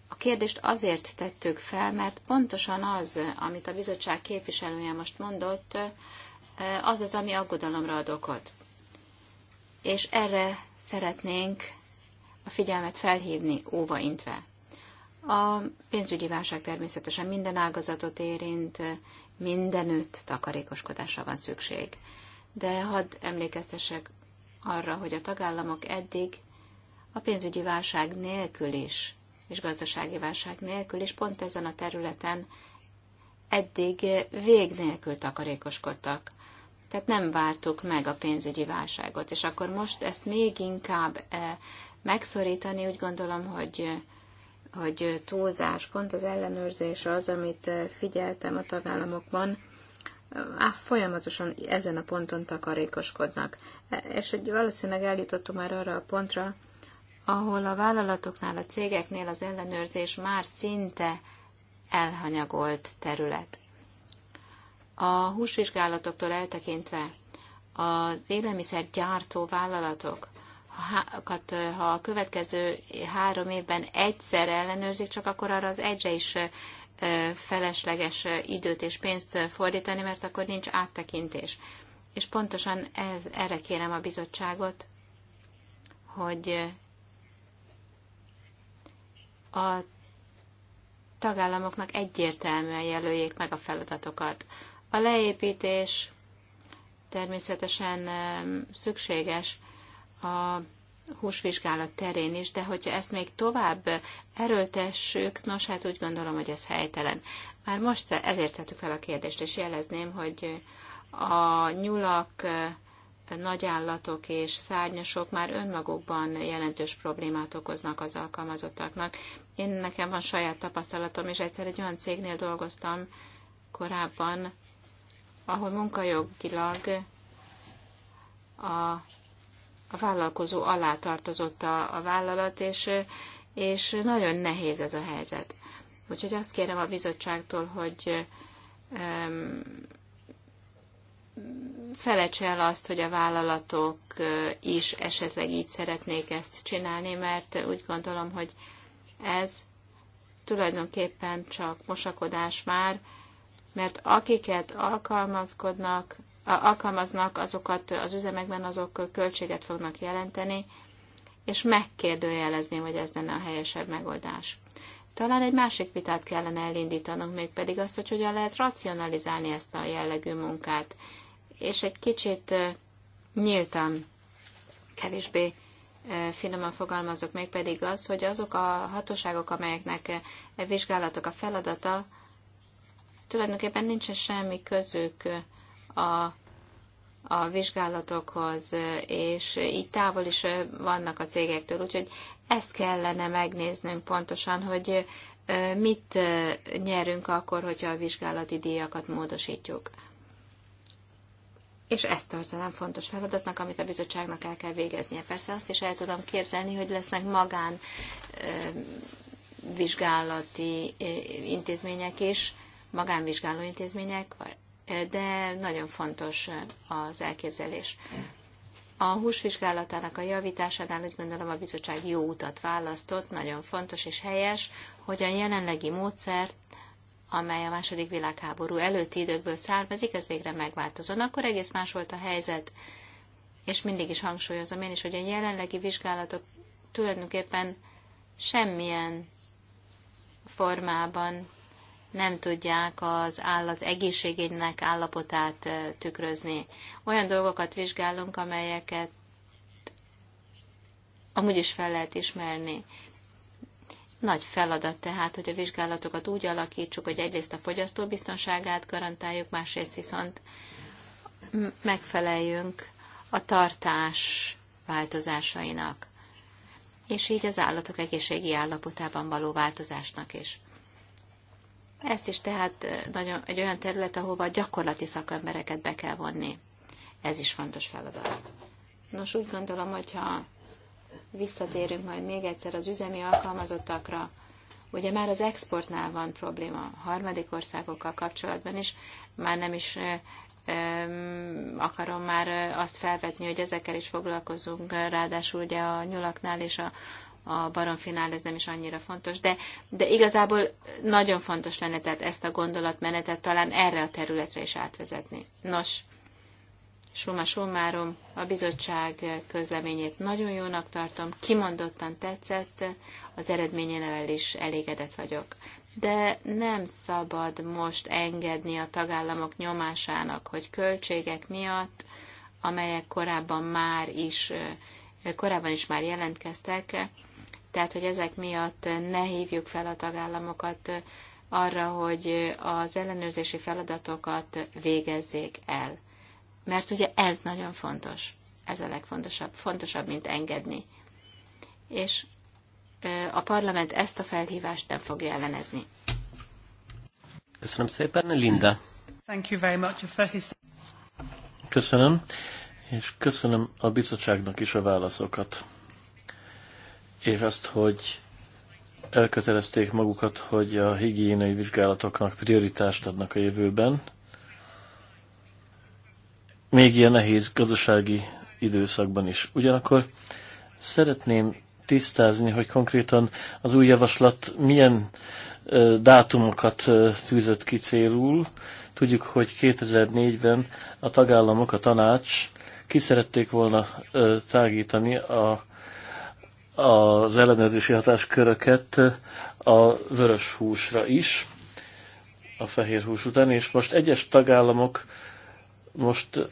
a kérdést azért tettük fel, mert pontosan az, amit a bizottság képviselője most mondott, az az, ami aggodalomra ad okot. És erre szeretnénk a figyelmet felhívni, óvaintve. A pénzügyi válság természetesen minden ágazatot érint, mindenütt takarékoskodásra van szükség. De hadd emlékeztessek arra, hogy a tagállamok eddig a pénzügyi válság nélkül is, és gazdasági válság nélkül is pont ezen a területen eddig vég nélkül takarékoskodtak. Tehát nem vártuk meg a pénzügyi válságot, és akkor most ezt még inkább eh, megszorítani. Úgy gondolom, hogy, hogy túlzás, pont az ellenőrzés az, amit figyeltem a tagállamokban, á, folyamatosan ezen a ponton takarékoskodnak. És hogy valószínűleg eljutottunk már arra a pontra, ahol a vállalatoknál, a cégeknél az ellenőrzés már szinte elhanyagolt terület. A húsvizsgálatoktól eltekintve az élelmiszergyártó vállalatok ha a következő három évben egyszer ellenőrzik, csak akkor arra az egyre is felesleges időt és pénzt fordítani, mert akkor nincs áttekintés. És pontosan ez, erre kérem a bizottságot, hogy a tagállamoknak egyértelműen jelöljék meg a feladatokat. A leépítés természetesen szükséges, a húsvizsgálat terén is, de hogyha ezt még tovább erőltessük, nos, hát úgy gondolom, hogy ez helytelen. Már most ezért tettük fel a kérdést, és jelezném, hogy a nyulak, nagyállatok és szárnyasok már önmagukban jelentős problémát okoznak az alkalmazottaknak. Én nekem van saját tapasztalatom, és egyszer egy olyan cégnél dolgoztam korábban, ahol munkajogilag a a vállalkozó alá tartozott a, a vállalat, és, és nagyon nehéz ez a helyzet. Úgyhogy azt kérem a bizottságtól, hogy um, felejtse el azt, hogy a vállalatok is esetleg így szeretnék ezt csinálni, mert úgy gondolom, hogy ez tulajdonképpen csak mosakodás már, mert akiket alkalmazkodnak, alkalmaznak, azokat az üzemekben azok költséget fognak jelenteni, és megkérdőjelezném, hogy ez lenne a helyesebb megoldás. Talán egy másik vitát kellene elindítanunk, pedig azt, hogy hogyan lehet racionalizálni ezt a jellegű munkát, és egy kicsit nyíltan, kevésbé finoman fogalmazok, még pedig az, hogy azok a hatóságok, amelyeknek vizsgálatok a feladata, tulajdonképpen nincsen semmi közük a, a vizsgálatokhoz, és így távol is vannak a cégektől. Úgyhogy ezt kellene megnéznünk pontosan, hogy mit nyerünk akkor, hogyha a vizsgálati díjakat módosítjuk. És ezt tartanám fontos feladatnak, amit a bizottságnak el kell végeznie. Persze azt is el tudom képzelni, hogy lesznek magán vizsgálati intézmények is, magánvizsgáló intézmények, de nagyon fontos az elképzelés. A húsvizsgálatának a javításánál úgy gondolom a bizottság jó utat választott, nagyon fontos és helyes, hogy a jelenlegi módszert amely a második világháború előtti időkből származik, ez végre megváltozott, Akkor egész más volt a helyzet, és mindig is hangsúlyozom én is, hogy a jelenlegi vizsgálatok tulajdonképpen semmilyen formában nem tudják az állat egészségének állapotát tükrözni. Olyan dolgokat vizsgálunk, amelyeket amúgy is fel lehet ismerni. Nagy feladat tehát, hogy a vizsgálatokat úgy alakítsuk, hogy egyrészt a fogyasztó biztonságát garantáljuk, másrészt viszont megfeleljünk a tartás változásainak, és így az állatok egészségi állapotában való változásnak is. Ezt is tehát nagyon, egy olyan terület, ahova a gyakorlati szakembereket be kell vonni. Ez is fontos feladat. Nos, úgy gondolom, hogyha visszatérünk majd még egyszer az üzemi alkalmazottakra, ugye már az exportnál van probléma, harmadik országokkal kapcsolatban is, már nem is akarom már azt felvetni, hogy ezekkel is foglalkozunk, ráadásul ugye a nyulaknál és a a baromfinál ez nem is annyira fontos, de, de igazából nagyon fontos lenne tehát ezt a gondolatmenetet talán erre a területre is átvezetni. Nos, suma sumárom, a bizottság közleményét nagyon jónak tartom, kimondottan tetszett, az eredményével is elégedett vagyok. De nem szabad most engedni a tagállamok nyomásának, hogy költségek miatt, amelyek korábban már is, korábban is már jelentkeztek, tehát hogy ezek miatt ne hívjuk fel a tagállamokat arra, hogy az ellenőrzési feladatokat végezzék el. Mert ugye ez nagyon fontos. Ez a legfontosabb. Fontosabb, mint engedni. És a parlament ezt a felhívást nem fogja ellenezni. Köszönöm szépen, Linda. Thank you very much. Köszönöm, és köszönöm a bizottságnak is a válaszokat és azt, hogy elkötelezték magukat, hogy a higiéniai vizsgálatoknak prioritást adnak a jövőben. Még ilyen nehéz gazdasági időszakban is. Ugyanakkor szeretném tisztázni, hogy konkrétan az új javaslat milyen ö, dátumokat ö, tűzött ki célul. Tudjuk, hogy 2004-ben a tagállamok, a tanács ki szerették volna ö, tágítani a az ellenőrzési hatásköröket a vörös húsra is, a fehér hús után, és most egyes tagállamok most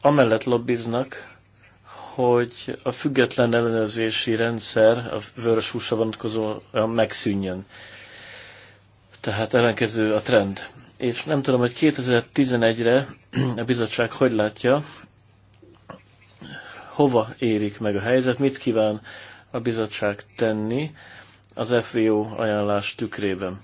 amellett lobbiznak, hogy a független ellenőrzési rendszer a vörös húsra vonatkozóan megszűnjön. Tehát ellenkező a trend. És nem tudom, hogy 2011-re a bizottság hogy látja, hova érik meg a helyzet, mit kíván a bizottság tenni az FVO ajánlás tükrében.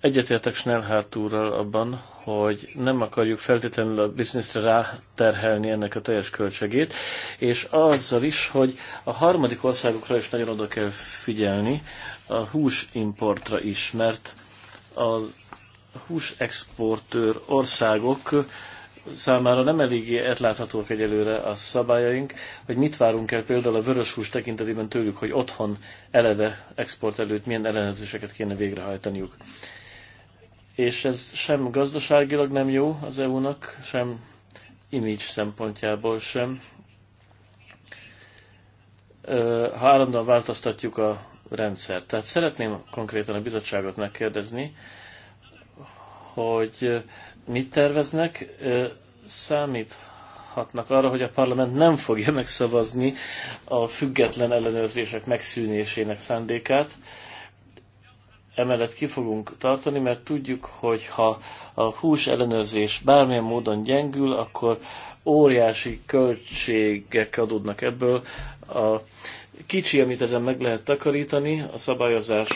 Egyetértek Snellhárt úrral abban, hogy nem akarjuk feltétlenül a bizniszre ráterhelni ennek a teljes költségét, és azzal is, hogy a harmadik országokra is nagyon oda kell figyelni, a húsimportra is, mert a exportőr országok számára nem eléggé etláthatóak egyelőre a szabályaink, hogy mit várunk el például a vöröshús tekintetében tőlük, hogy otthon eleve export előtt milyen ellenőrzéseket kéne végrehajtaniuk. És ez sem gazdaságilag nem jó az EU-nak, sem image szempontjából sem. Ha állandóan változtatjuk a rendszert. Tehát szeretném konkrétan a bizottságot megkérdezni, hogy mit terveznek, számíthatnak arra, hogy a parlament nem fogja megszavazni a független ellenőrzések megszűnésének szándékát. Emellett ki fogunk tartani, mert tudjuk, hogy ha a hús ellenőrzés bármilyen módon gyengül, akkor óriási költségek adódnak ebből. A kicsi, amit ezen meg lehet takarítani, a szabályozás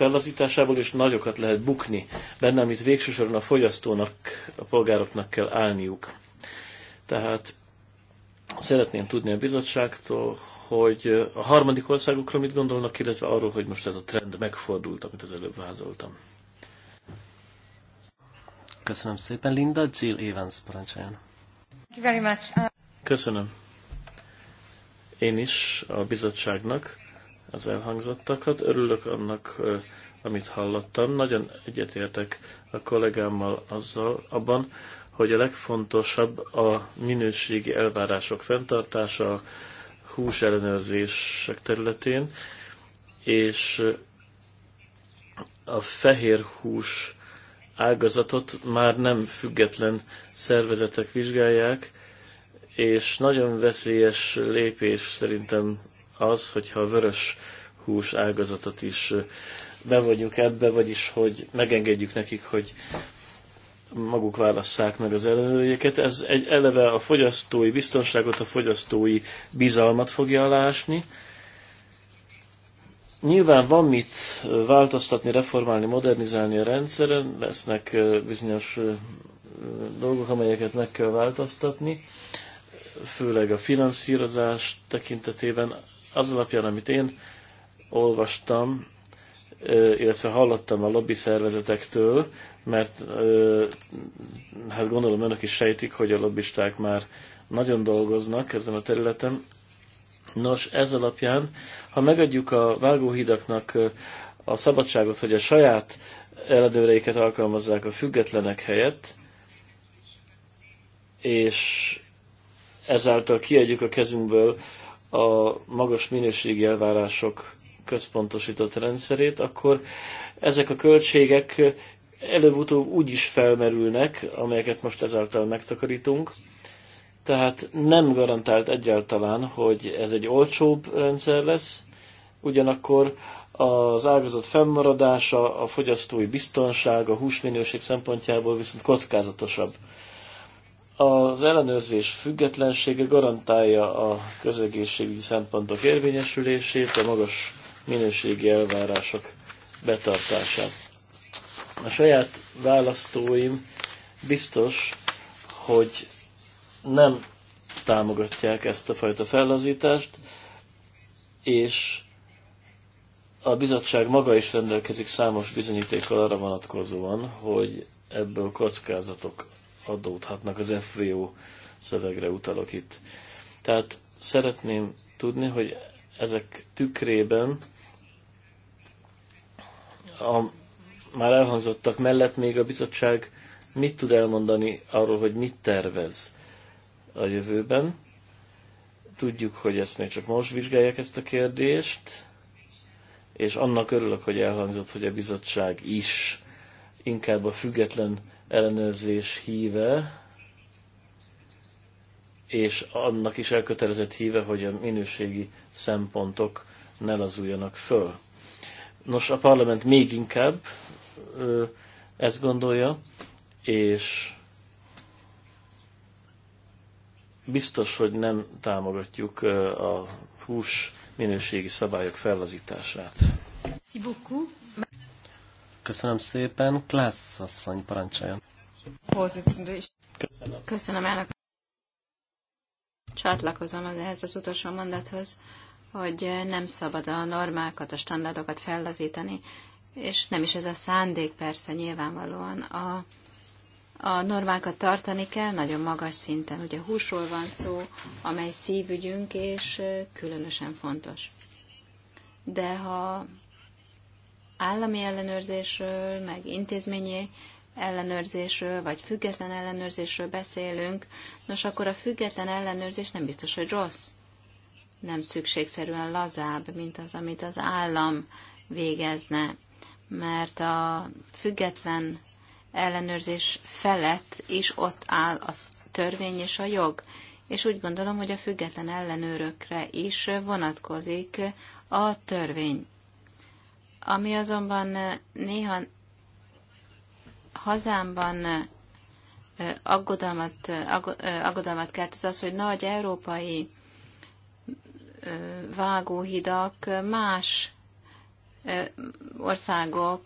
fellazításából, is nagyokat lehet bukni benne, amit végsősorban a fogyasztónak, a polgároknak kell állniuk. Tehát szeretném tudni a bizottságtól, hogy a harmadik országokról mit gondolnak, illetve arról, hogy most ez a trend megfordult, amit az előbb vázoltam. Köszönöm szépen, Linda. Jill Evans, parancsoljon. Köszönöm. Én is a bizottságnak az elhangzottakat. Örülök annak, amit hallottam. Nagyon egyetértek a kollégámmal azzal abban, hogy a legfontosabb a minőségi elvárások fenntartása a hús ellenőrzések területén, és a fehér hús ágazatot már nem független szervezetek vizsgálják, és nagyon veszélyes lépés szerintem az, hogyha a vörös hús ágazatot is bevonjuk ebbe, vagyis hogy megengedjük nekik, hogy maguk válasszák meg az előjéket. Ez egy eleve a fogyasztói biztonságot, a fogyasztói bizalmat fogja alásni. Nyilván van mit változtatni, reformálni, modernizálni a rendszeren, lesznek bizonyos dolgok, amelyeket meg kell változtatni, főleg a finanszírozás tekintetében, az alapján, amit én olvastam, illetve hallottam a lobby szervezetektől, mert hát gondolom önök is sejtik, hogy a lobbisták már nagyon dolgoznak ezen a területen. Nos, ez alapján, ha megadjuk a vágóhidaknak a szabadságot, hogy a saját eredőreiket alkalmazzák a függetlenek helyett, és ezáltal kiadjuk a kezünkből a magas minőségi elvárások központosított rendszerét, akkor ezek a költségek előbb-utóbb úgy is felmerülnek, amelyeket most ezáltal megtakarítunk. Tehát nem garantált egyáltalán, hogy ez egy olcsóbb rendszer lesz, ugyanakkor az ágazat fennmaradása, a fogyasztói biztonság, a húsminőség szempontjából viszont kockázatosabb az ellenőrzés függetlensége garantálja a közegészségügyi szempontok érvényesülését, a magas minőségi elvárások betartását. A saját választóim biztos, hogy nem támogatják ezt a fajta fellazítást, és a bizottság maga is rendelkezik számos bizonyítékkal arra vonatkozóan, hogy ebből kockázatok adódhatnak. Az FVO szövegre utalok itt. Tehát szeretném tudni, hogy ezek tükrében a már elhangzottak mellett még a bizottság mit tud elmondani arról, hogy mit tervez a jövőben. Tudjuk, hogy ezt még csak most vizsgálják ezt a kérdést, és annak örülök, hogy elhangzott, hogy a bizottság is inkább a független ellenőrzés híve, és annak is elkötelezett híve, hogy a minőségi szempontok ne lazuljanak föl. Nos, a parlament még inkább ö, ezt gondolja, és biztos, hogy nem támogatjuk a hús minőségi szabályok fellazítását. Merci Köszönöm szépen. Klász asszony, parancsoljon. Köszönöm. Köszönöm elnök. Csatlakozom ehhez az utolsó mondathoz, hogy nem szabad a normákat, a standardokat fellazítani, és nem is ez a szándék persze nyilvánvalóan. A, a normákat tartani kell nagyon magas szinten. Ugye húsról van szó, amely szívügyünk, és különösen fontos. De ha állami ellenőrzésről, meg intézményi ellenőrzésről, vagy független ellenőrzésről beszélünk, nos akkor a független ellenőrzés nem biztos, hogy rossz. Nem szükségszerűen lazább, mint az, amit az állam végezne, mert a független ellenőrzés felett is ott áll a törvény és a jog. És úgy gondolom, hogy a független ellenőrökre is vonatkozik a törvény. Ami azonban néha hazámban aggodalmat, aggodalmat kelt, az az, hogy nagy európai vágóhidak más országok,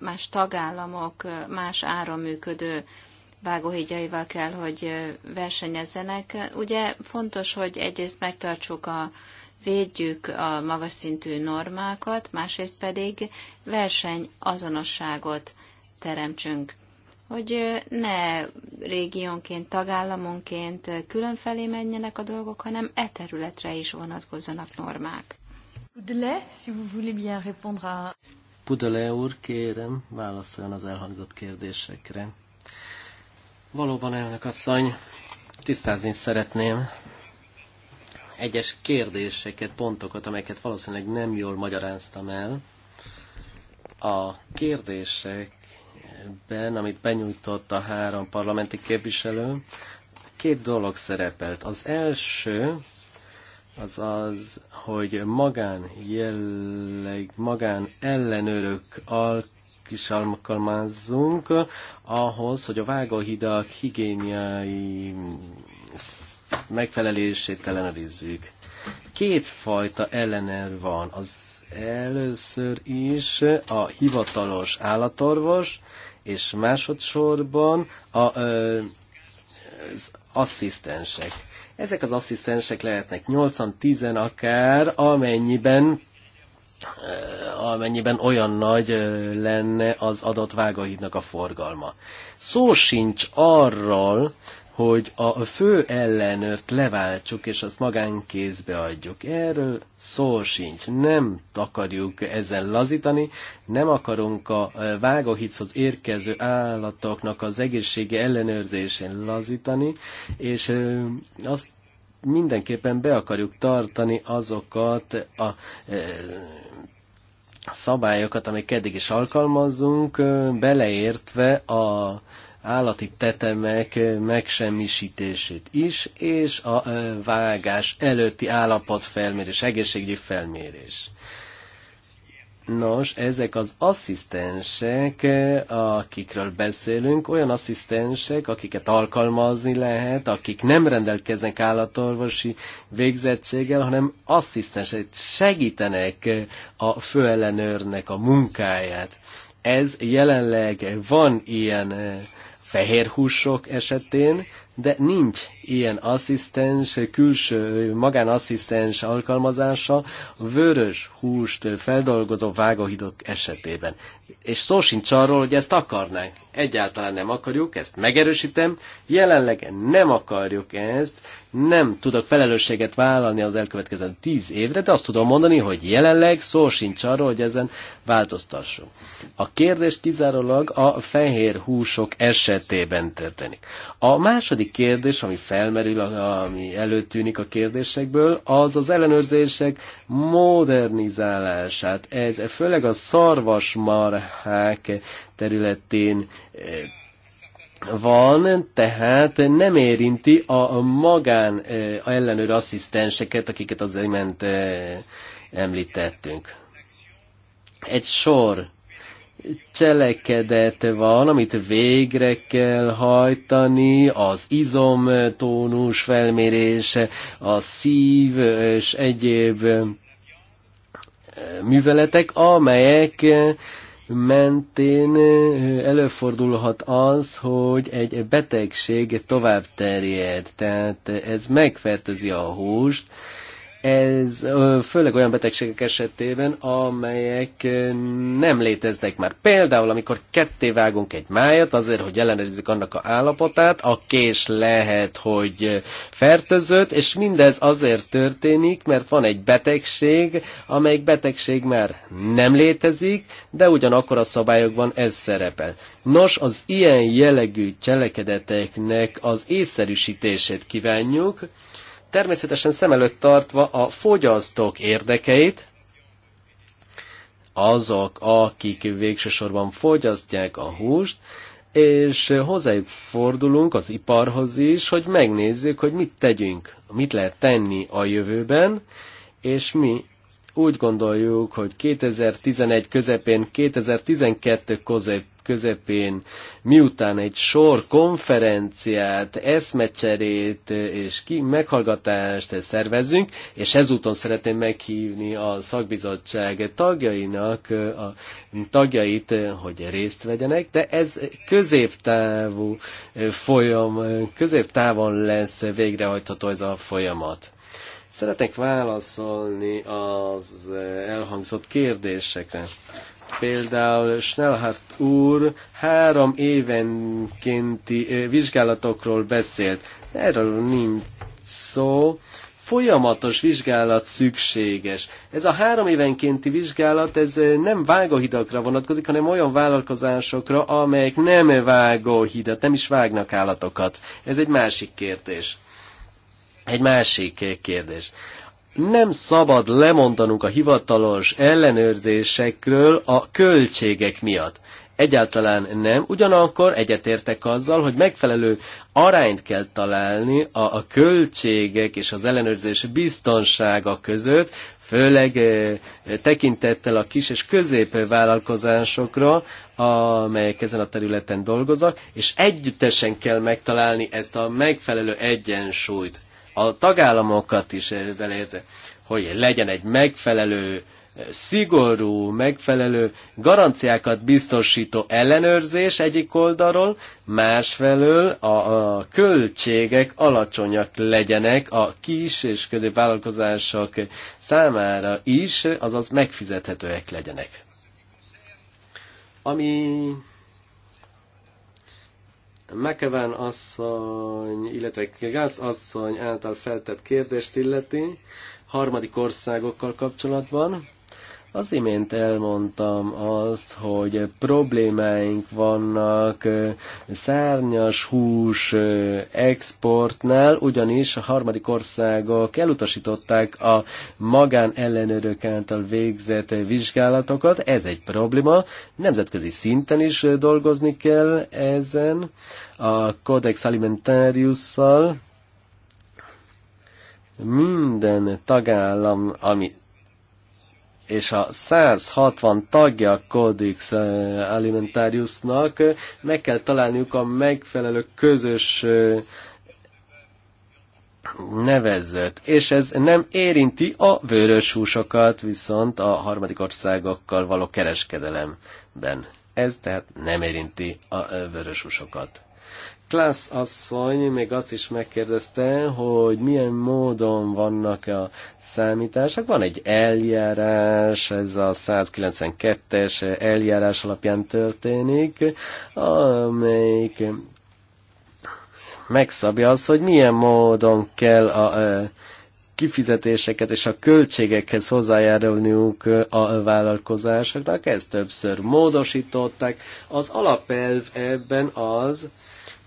más tagállamok, más áron működő vágóhídjaival kell, hogy versenyezzenek. Ugye fontos, hogy egyrészt megtartsuk a, védjük a magas szintű normákat, másrészt pedig verseny azonosságot teremtsünk hogy ne régiónként, tagállamonként különfelé menjenek a dolgok, hanem e területre is vonatkozzanak normák. Pudele, si vous voulez bien répondre à... Pudele úr, kérem, válaszoljon az elhangzott kérdésekre. Valóban, elnök asszony, tisztázni szeretném, egyes kérdéseket, pontokat, amelyeket valószínűleg nem jól magyaráztam el. A kérdésekben, amit benyújtott a három parlamenti képviselő, két dolog szerepelt. Az első az az, hogy magán jelleg, magán ellenőrök alkalmazása, is alkalmazzunk ahhoz, hogy a vágóhidak higiéniai megfelelését ellenőrizzük. Két fajta ellenőr van. Az először is a hivatalos állatorvos, és másodszorban a, ö, az asszisztensek. Ezek az asszisztensek lehetnek 80-10 akár, amennyiben amennyiben olyan nagy lenne az adott vágóhídnak a forgalma. Szó sincs arról, hogy a fő ellenőrt leváltsuk, és azt magánkézbe adjuk. Erről szó sincs. Nem akarjuk ezzel lazítani, nem akarunk a e, vágóhichoz érkező állatoknak az egészsége ellenőrzésén lazítani, és e, azt mindenképpen be akarjuk tartani azokat a e, szabályokat, amik eddig is alkalmazzunk, beleértve a állati tetemek megsemmisítését is, és a vágás előtti állapotfelmérés, egészségügyi felmérés. Nos, ezek az asszisztensek, akikről beszélünk, olyan asszisztensek, akiket alkalmazni lehet, akik nem rendelkeznek állatorvosi végzettséggel, hanem asszisztensek segítenek a főellenőrnek a munkáját. Ez jelenleg van ilyen fehér húsok esetén, de nincs ilyen asszisztens, külső magánasszisztens alkalmazása vörös húst feldolgozó vágóhidok esetében. És szó sincs arról, hogy ezt akarnánk. Egyáltalán nem akarjuk, ezt megerősítem. Jelenleg nem akarjuk ezt, nem tudok felelősséget vállalni az elkövetkező tíz évre, de azt tudom mondani, hogy jelenleg szó sincs arról, hogy ezen változtassunk. A kérdés kizárólag a fehér húsok esetében történik. A második kérdés, ami fel felmerül, ami előtűnik a kérdésekből, az az ellenőrzések modernizálását. Ez főleg a szarvasmarhák területén eh, van, tehát nem érinti a magán eh, ellenőr asszisztenseket, akiket az imént eh, említettünk. Egy sor cselekedet van, amit végre kell hajtani, az izomtónus felmérése, a szív és egyéb műveletek, amelyek mentén előfordulhat az, hogy egy betegség tovább terjed, tehát ez megfertőzi a húst, ez főleg olyan betegségek esetében, amelyek nem léteznek már. Például, amikor ketté vágunk egy májat azért, hogy ellenőrizzük annak a állapotát, a kés lehet, hogy fertőzött, és mindez azért történik, mert van egy betegség, amelyik betegség már nem létezik, de ugyanakkor a szabályokban ez szerepel. Nos, az ilyen jellegű cselekedeteknek az észszerűsítését kívánjuk, természetesen szem előtt tartva a fogyasztók érdekeit, azok, akik végsősorban fogyasztják a húst, és hozzájuk fordulunk az iparhoz is, hogy megnézzük, hogy mit tegyünk, mit lehet tenni a jövőben, és mi úgy gondoljuk, hogy 2011 közepén, 2012 közep közepén, miután egy sor konferenciát, eszmecserét és ki meghallgatást szervezünk, és ezúton szeretném meghívni a szakbizottság tagjainak a tagjait, hogy részt vegyenek, de ez középtávú folyam, középtávon lesz végrehajtható ez a folyamat. Szeretek válaszolni az elhangzott kérdésekre. Például Schnellhardt úr három évenkénti vizsgálatokról beszélt. Erről nincs szó folyamatos vizsgálat szükséges. Ez a három évenkénti vizsgálat, ez nem vágóhidakra vonatkozik, hanem olyan vállalkozásokra, amelyek nem vágóhidat, nem is vágnak állatokat. Ez egy másik kérdés. Egy másik kérdés nem szabad lemondanunk a hivatalos ellenőrzésekről a költségek miatt. Egyáltalán nem, ugyanakkor egyetértek azzal, hogy megfelelő arányt kell találni a, a költségek és az ellenőrzés biztonsága között, főleg e, tekintettel a kis és középvállalkozásokra, amelyek ezen a területen dolgoznak, és együttesen kell megtalálni ezt a megfelelő egyensúlyt a tagállamokat is elérte, hogy legyen egy megfelelő szigorú, megfelelő garanciákat biztosító ellenőrzés egyik oldalról, másfelől a, a költségek alacsonyak legyenek a kis és középvállalkozások számára is, azaz megfizethetőek legyenek. Ami McEwen asszony, illetve Gász asszony által feltett kérdést illeti harmadik országokkal kapcsolatban. Az imént elmondtam azt, hogy problémáink vannak szárnyas hús exportnál, ugyanis a harmadik országok elutasították a magán ellenőrök által végzett vizsgálatokat. Ez egy probléma. Nemzetközi szinten is dolgozni kell ezen a Codex alimentarius Alimentarius-szal. minden tagállam, ami és a 160 tagja a Codex eh, Alimentariusnak meg kell találniuk a megfelelő közös eh, nevezőt, és ez nem érinti a vörös húsokat, viszont a harmadik országokkal való kereskedelemben. Ez tehát nem érinti a eh, vörös húsokat. Klassz asszony még azt is megkérdezte, hogy milyen módon vannak a számítások. Van egy eljárás, ez a 192-es eljárás alapján történik, amelyik megszabja azt, hogy milyen módon kell a, a kifizetéseket és a költségekhez hozzájárulniuk a vállalkozásoknak, ezt többször módosították. Az alapelv ebben az,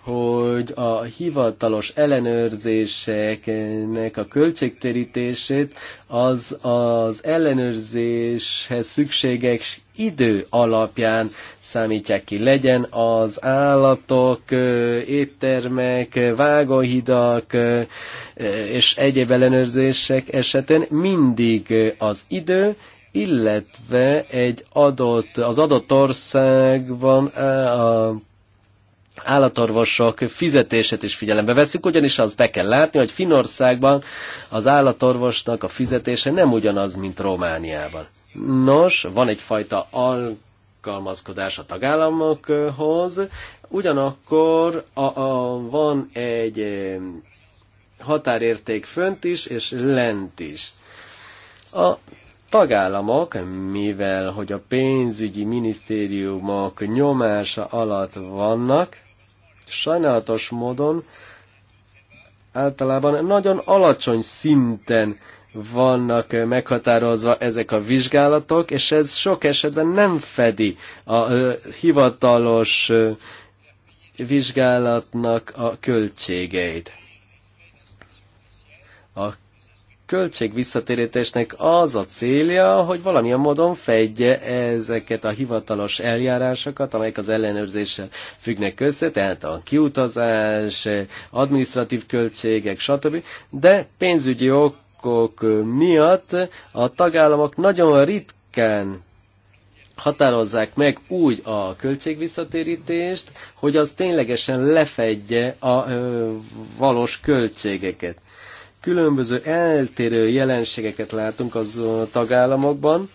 hogy a hivatalos ellenőrzéseknek a költségtérítését az az ellenőrzéshez szükséges idő alapján számítják ki. Legyen az állatok, éttermek, vágóhidak és egyéb ellenőrzések esetén mindig az idő, illetve egy adott, az adott országban a állatorvosok fizetését is figyelembe veszük, ugyanis azt be kell látni, hogy Finországban az állatorvosnak a fizetése nem ugyanaz, mint Romániában. Nos, van egyfajta alkalmazkodás a tagállamokhoz, ugyanakkor a, a, van egy eh, határérték fönt is, és lent is. A tagállamok, mivel hogy a pénzügyi minisztériumok nyomása alatt vannak, Sajnálatos módon általában nagyon alacsony szinten vannak meghatározva ezek a vizsgálatok, és ez sok esetben nem fedi a hivatalos vizsgálatnak a költségeit. A költség visszatérítésnek az a célja, hogy valamilyen módon fedje ezeket a hivatalos eljárásokat, amelyek az ellenőrzéssel függnek össze, tehát a kiutazás, administratív költségek, stb. De pénzügyi okok miatt a tagállamok nagyon ritkán határozzák meg úgy a költségvisszatérítést, hogy az ténylegesen lefedje a ö, valós költségeket különböző eltérő jelenségeket látunk az tagállamokban,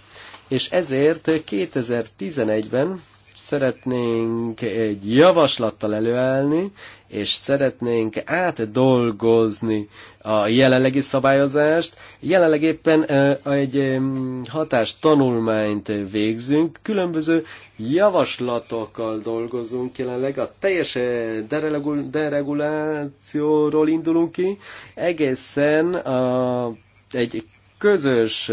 és ezért 2011-ben szeretnénk egy javaslattal előállni, és szeretnénk átdolgozni a jelenlegi szabályozást. Jelenleg éppen egy hatástanulmányt végzünk, különböző javaslatokkal dolgozunk jelenleg, a teljes deregulációról indulunk ki, egészen a, egy közös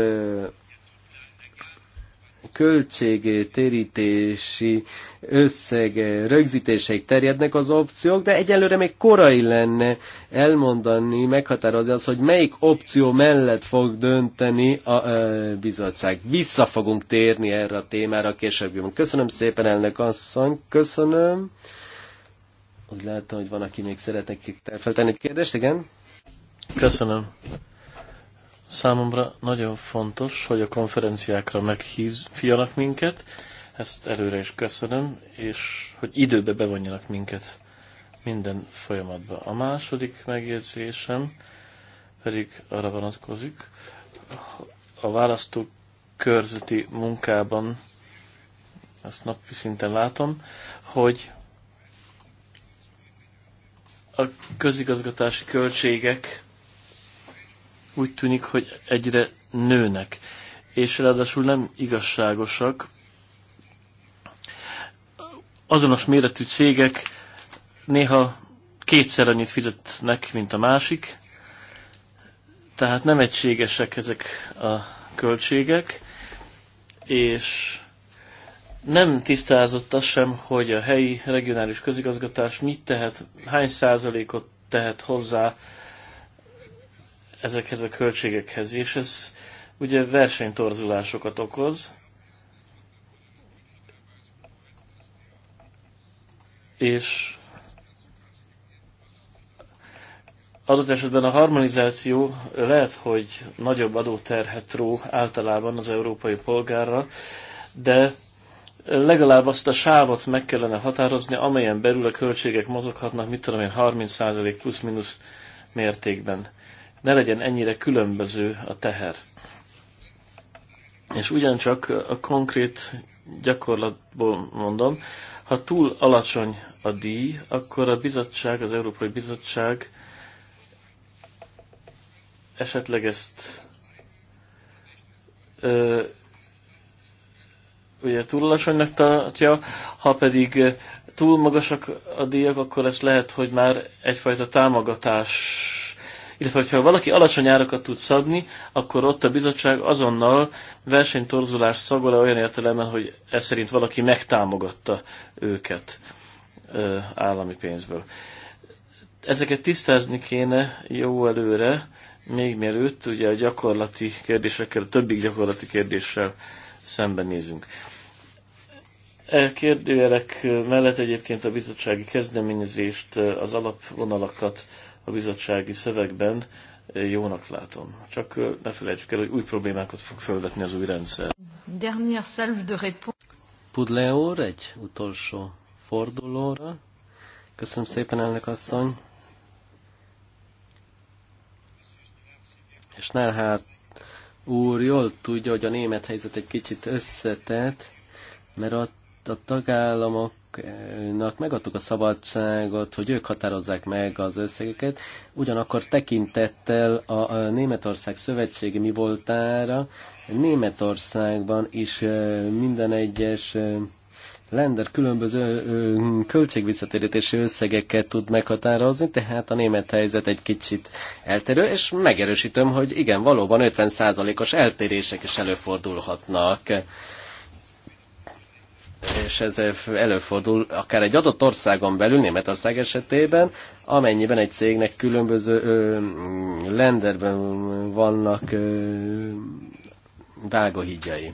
költségtérítési összeg rögzítéseig terjednek az opciók, de egyelőre még korai lenne elmondani, meghatározni azt, hogy melyik opció mellett fog dönteni a ö, bizottság. Vissza fogunk térni erre a témára később. Köszönöm szépen, elnök asszony, köszönöm. Úgy látom, hogy van, aki még szeretne feltenni egy kérdést, igen? Köszönöm. Számomra nagyon fontos, hogy a konferenciákra meghívjanak minket, ezt előre is köszönöm, és hogy időbe bevonjanak minket minden folyamatba. A második megjegyzésem pedig arra vonatkozik, a választók körzeti munkában, ezt napi szinten látom, hogy a közigazgatási költségek úgy tűnik, hogy egyre nőnek, és ráadásul nem igazságosak. Azonos méretű cégek néha kétszer annyit fizetnek, mint a másik, tehát nem egységesek ezek a költségek, és nem tisztázott az sem, hogy a helyi regionális közigazgatás mit tehet, hány százalékot tehet hozzá ezekhez a költségekhez, és ez ugye versenytorzulásokat okoz, és adott esetben a harmonizáció lehet, hogy nagyobb adóterhet ró általában az európai polgárra, de legalább azt a sávot meg kellene határozni, amelyen belül a költségek mozoghatnak, mit tudom én, 30% plusz-minusz mértékben ne legyen ennyire különböző a teher. És ugyancsak a konkrét gyakorlatból mondom, ha túl alacsony a díj, akkor a bizottság, az Európai Bizottság esetleg ezt ö, ugye túl alacsonynak tartja, ha pedig túl magasak a díjak, akkor ezt lehet, hogy már egyfajta támogatás illetve hogyha valaki alacsony árakat tud szabni, akkor ott a bizottság azonnal versenytorzulást szagol olyan értelemben, hogy ez szerint valaki megtámogatta őket állami pénzből. Ezeket tisztázni kéne jó előre, még mielőtt ugye a gyakorlati kérdésekkel, a többi gyakorlati kérdéssel szembenézünk. E kérdőjelek mellett egyébként a bizottsági kezdeményezést, az alapvonalakat a bizottsági szövegben jónak látom. Csak ne felejtsük el, hogy új problémákat fog felvetni az új rendszer. Dernière Pudle úr, egy utolsó fordulóra. Köszönöm szépen, elnök asszony. És Nelhár úr jól tudja, hogy a német helyzet egy kicsit összetett, mert a a tagállamoknak megadtuk a szabadságot, hogy ők határozzák meg az összegeket, ugyanakkor tekintettel a, Németország szövetségi mi voltára, Németországban is minden egyes Lender különböző költségvisszatérítési összegeket tud meghatározni, tehát a német helyzet egy kicsit eltérő, és megerősítöm, hogy igen, valóban 50%-os eltérések is előfordulhatnak és ez előfordul akár egy adott országon belül, Németország esetében, amennyiben egy cégnek különböző ö, lenderben vannak ö, vágóhídjai.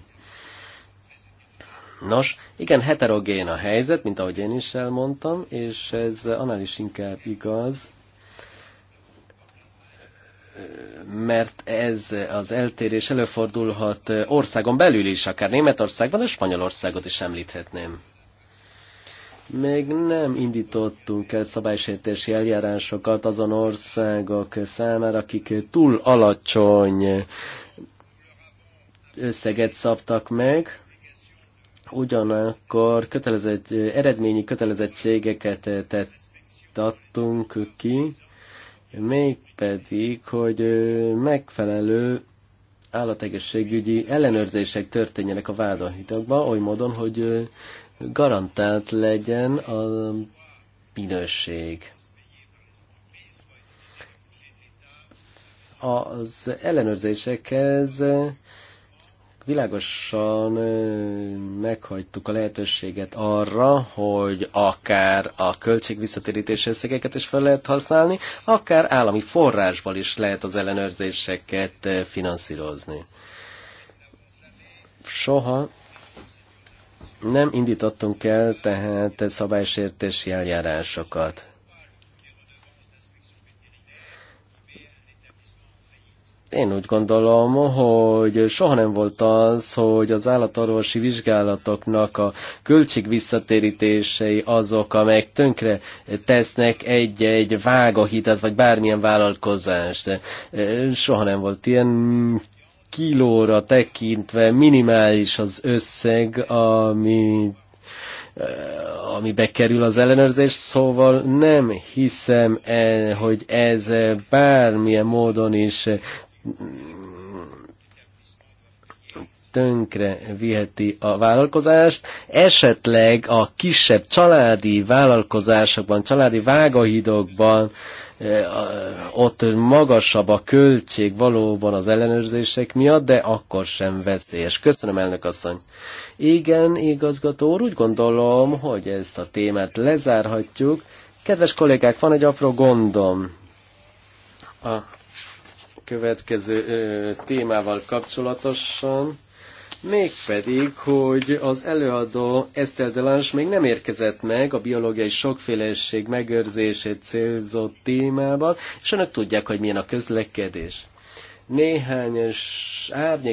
Nos, igen, heterogén a helyzet, mint ahogy én is elmondtam, és ez annál is inkább igaz, mert ez az eltérés előfordulhat országon belül is, akár Németországban, és Spanyolországot is említhetném. Még nem indítottunk el szabálysértési eljárásokat azon országok számára, akik túl alacsony összeget szabtak meg, ugyanakkor kötelezett, eredményi kötelezettségeket tett, adtunk ki, még pedig, hogy megfelelő állategészségügyi ellenőrzések történjenek a vádahitokban, oly módon, hogy garantált legyen a minőség. Az ellenőrzésekhez világosan meghagytuk a lehetőséget arra, hogy akár a költségvisszatérítés összegeket is fel lehet használni, akár állami forrásból is lehet az ellenőrzéseket finanszírozni. Soha nem indítottunk el tehát szabálysértési eljárásokat. Én úgy gondolom, hogy soha nem volt az, hogy az állatorvosi vizsgálatoknak a költség visszatérítései azok, amelyek tönkre tesznek egy-egy vágahitet, vagy bármilyen vállalkozást. Soha nem volt ilyen kilóra tekintve minimális az összeg, ami ami bekerül az ellenőrzés, szóval nem hiszem, eh, hogy ez eh, bármilyen módon is tönkre viheti a vállalkozást, esetleg a kisebb családi vállalkozásokban, családi vágahidokban eh, ott magasabb a költség valóban az ellenőrzések miatt, de akkor sem veszélyes. Köszönöm, elnök asszony. Igen, igazgató úr, úgy gondolom, hogy ezt a témát lezárhatjuk. Kedves kollégák, van egy apró gondom. A következő ö, témával kapcsolatosan, mégpedig, hogy az előadó Estelle Delans még nem érkezett meg a biológiai sokféleség megőrzését célzó témában, és önök tudják, hogy milyen a közlekedés. Néhány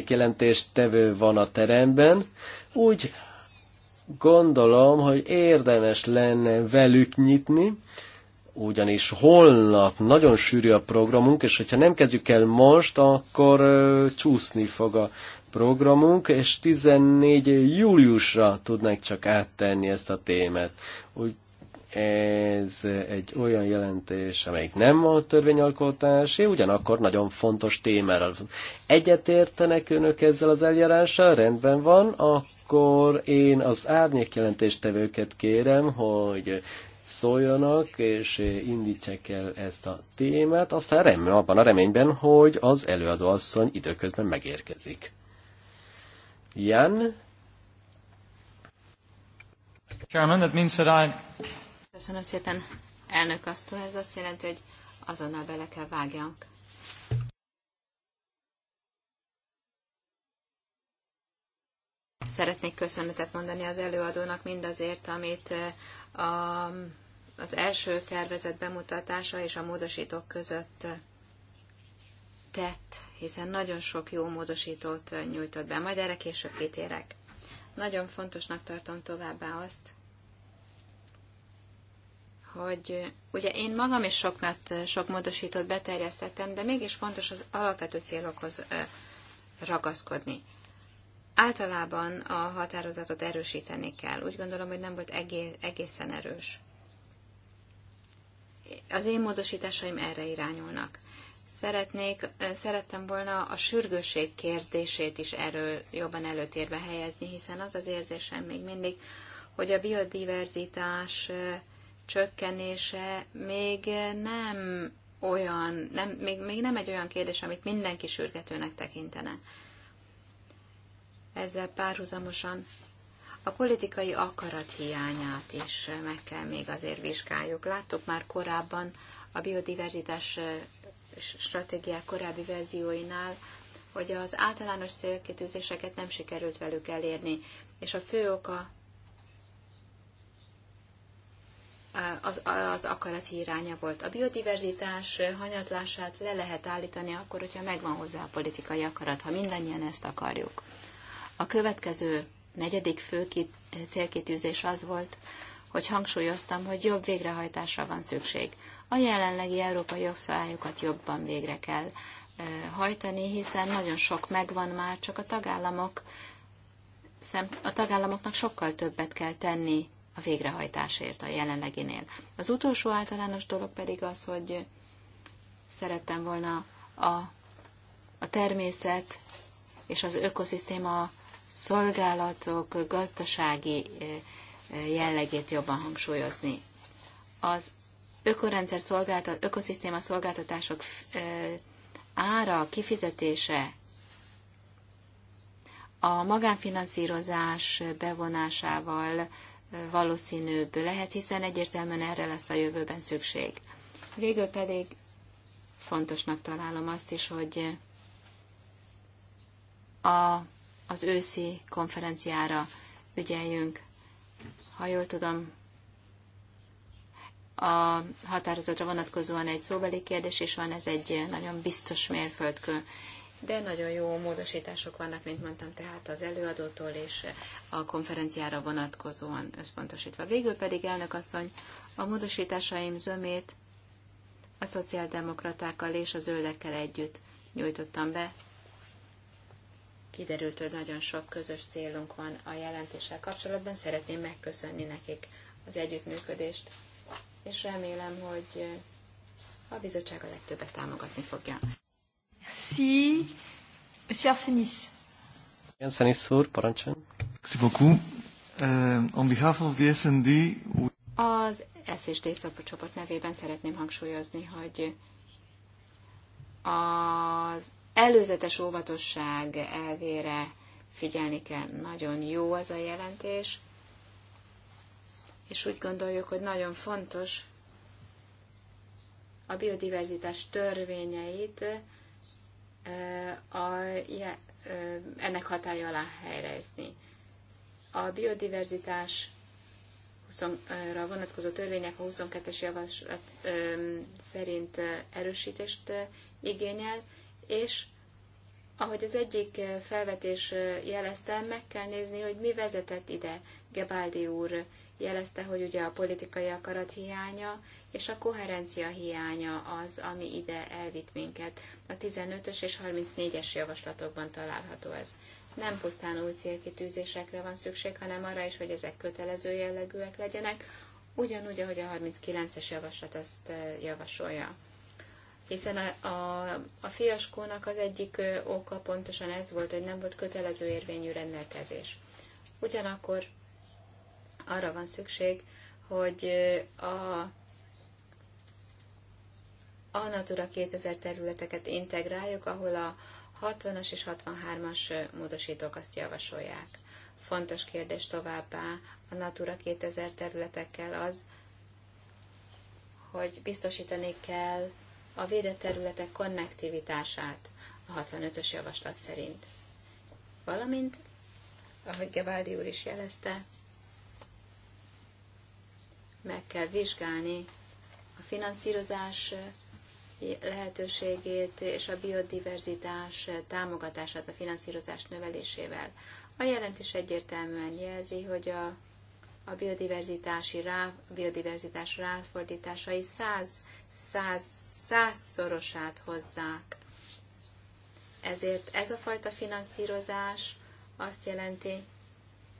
jelentést tevő van a teremben, úgy gondolom, hogy érdemes lenne velük nyitni, ugyanis holnap nagyon sűrű a programunk, és hogyha nem kezdjük el most, akkor ö, csúszni fog a programunk, és 14 júliusra tudnánk csak áttenni ezt a témát. Úgy ez egy olyan jelentés, amelyik nem a törvényalkotási, ugyanakkor nagyon fontos témára. Egyetértenek önök ezzel az eljárással? Rendben van, akkor én az árnyék jelentéstevőket kérem, hogy szóljanak, és indítsák el ezt a témát, aztán remény, abban a reményben, hogy az előadó asszony időközben megérkezik. Jan? Chairman, that means that I... Köszönöm szépen, elnök asztó, Ez azt jelenti, hogy azonnal bele kell vágjam. Szeretnék köszönetet mondani az előadónak mindazért, amit eh, a az első tervezet bemutatása és a módosítók között tett, hiszen nagyon sok jó módosítót nyújtott be, majd erre később kitérek. Nagyon fontosnak tartom továbbá azt, hogy ugye én magam is sok, mert sok módosítót beterjesztettem, de mégis fontos az alapvető célokhoz ragaszkodni. Általában a határozatot erősíteni kell. Úgy gondolom, hogy nem volt egészen erős az én módosításaim erre irányulnak. Szeretnék, szerettem volna a sürgőség kérdését is erről jobban előtérbe helyezni, hiszen az az érzésem még mindig, hogy a biodiverzitás csökkenése még nem olyan, nem, még, még nem egy olyan kérdés, amit mindenki sürgetőnek tekintene. Ezzel párhuzamosan a politikai akarat hiányát is meg kell még azért vizsgáljuk. Láttuk már korábban a biodiverzitás stratégiák korábbi verzióinál, hogy az általános célkitűzéseket nem sikerült velük elérni, és a fő oka az, az akarat hiánya volt. A biodiverzitás hanyatlását le lehet állítani akkor, hogyha megvan hozzá a politikai akarat, ha mindannyian ezt akarjuk. A következő negyedik fő célkitűzés az volt, hogy hangsúlyoztam, hogy jobb végrehajtásra van szükség. A jelenlegi európai jogszabályokat jobban végre kell hajtani, hiszen nagyon sok megvan már, csak a tagállamok a tagállamoknak sokkal többet kell tenni a végrehajtásért a jelenleginél. Az utolsó általános dolog pedig az, hogy szerettem volna a, a természet és az ökoszisztéma szolgálatok gazdasági jellegét jobban hangsúlyozni. Az ökorendszer szolgáltat, ökoszisztéma szolgáltatások ára, kifizetése, a magánfinanszírozás bevonásával valószínűbb lehet, hiszen egyértelműen erre lesz a jövőben szükség. Végül pedig fontosnak találom azt is, hogy a az őszi konferenciára ügyeljünk. Ha jól tudom, a határozatra vonatkozóan egy szóbeli kérdés, és van ez egy nagyon biztos mérföldkő. De nagyon jó módosítások vannak, mint mondtam, tehát az előadótól és a konferenciára vonatkozóan összpontosítva. Végül pedig, elnök asszony, a módosításaim zömét a szociáldemokratákkal és a zöldekkel együtt nyújtottam be, Kiderült, hogy nagyon sok közös célunk van a jelentéssel kapcsolatban. Szeretném megköszönni nekik az együttműködést, és remélem, hogy a bizottság a legtöbbet támogatni fogja. Merci. Monsieur Arsenis. Arsenis úr, parancsoljon. Merci beaucoup. Euh, on behalf of the S&D... Az SSD csoport nevében szeretném hangsúlyozni, hogy az előzetes óvatosság elvére figyelni kell. Nagyon jó ez a jelentés, és úgy gondoljuk, hogy nagyon fontos a biodiverzitás törvényeit eh, a, eh, ennek hatája alá helyezni. A biodiverzitás ra vonatkozó törvények a 22-es javaslat eh, szerint erősítést igényel, és ahogy az egyik eh, felvetés eh, jelezte, meg kell nézni, hogy mi vezetett ide. Gebaldi úr jelezte, hogy ugye a politikai akarat hiánya és a koherencia hiánya az, ami ide elvitt minket. A 15-ös és 34-es javaslatokban található ez. Nem pusztán új célkitűzésekre van szükség, hanem arra is, hogy ezek kötelező jellegűek legyenek, ugyanúgy, ahogy a 39-es javaslat ezt eh, javasolja hiszen a, a, a fiaskónak az egyik oka pontosan ez volt, hogy nem volt kötelező érvényű rendelkezés. Ugyanakkor arra van szükség, hogy a, a Natura 2000 területeket integráljuk, ahol a 60-as és 63-as módosítók azt javasolják. Fontos kérdés továbbá a Natura 2000 területekkel az, hogy biztosítani kell a védett területek konnektivitását a 65-ös javaslat szerint. Valamint, ahogy Gebaldi úr is jelezte, meg kell vizsgálni a finanszírozás lehetőségét és a biodiverzitás támogatását a finanszírozás növelésével. A jelentés egyértelműen jelzi, hogy a a biodiverzitási rá, biodiverzitás ráfordításai száz, száz, százszorosát hozzák. Ezért ez a fajta finanszírozás azt jelenti,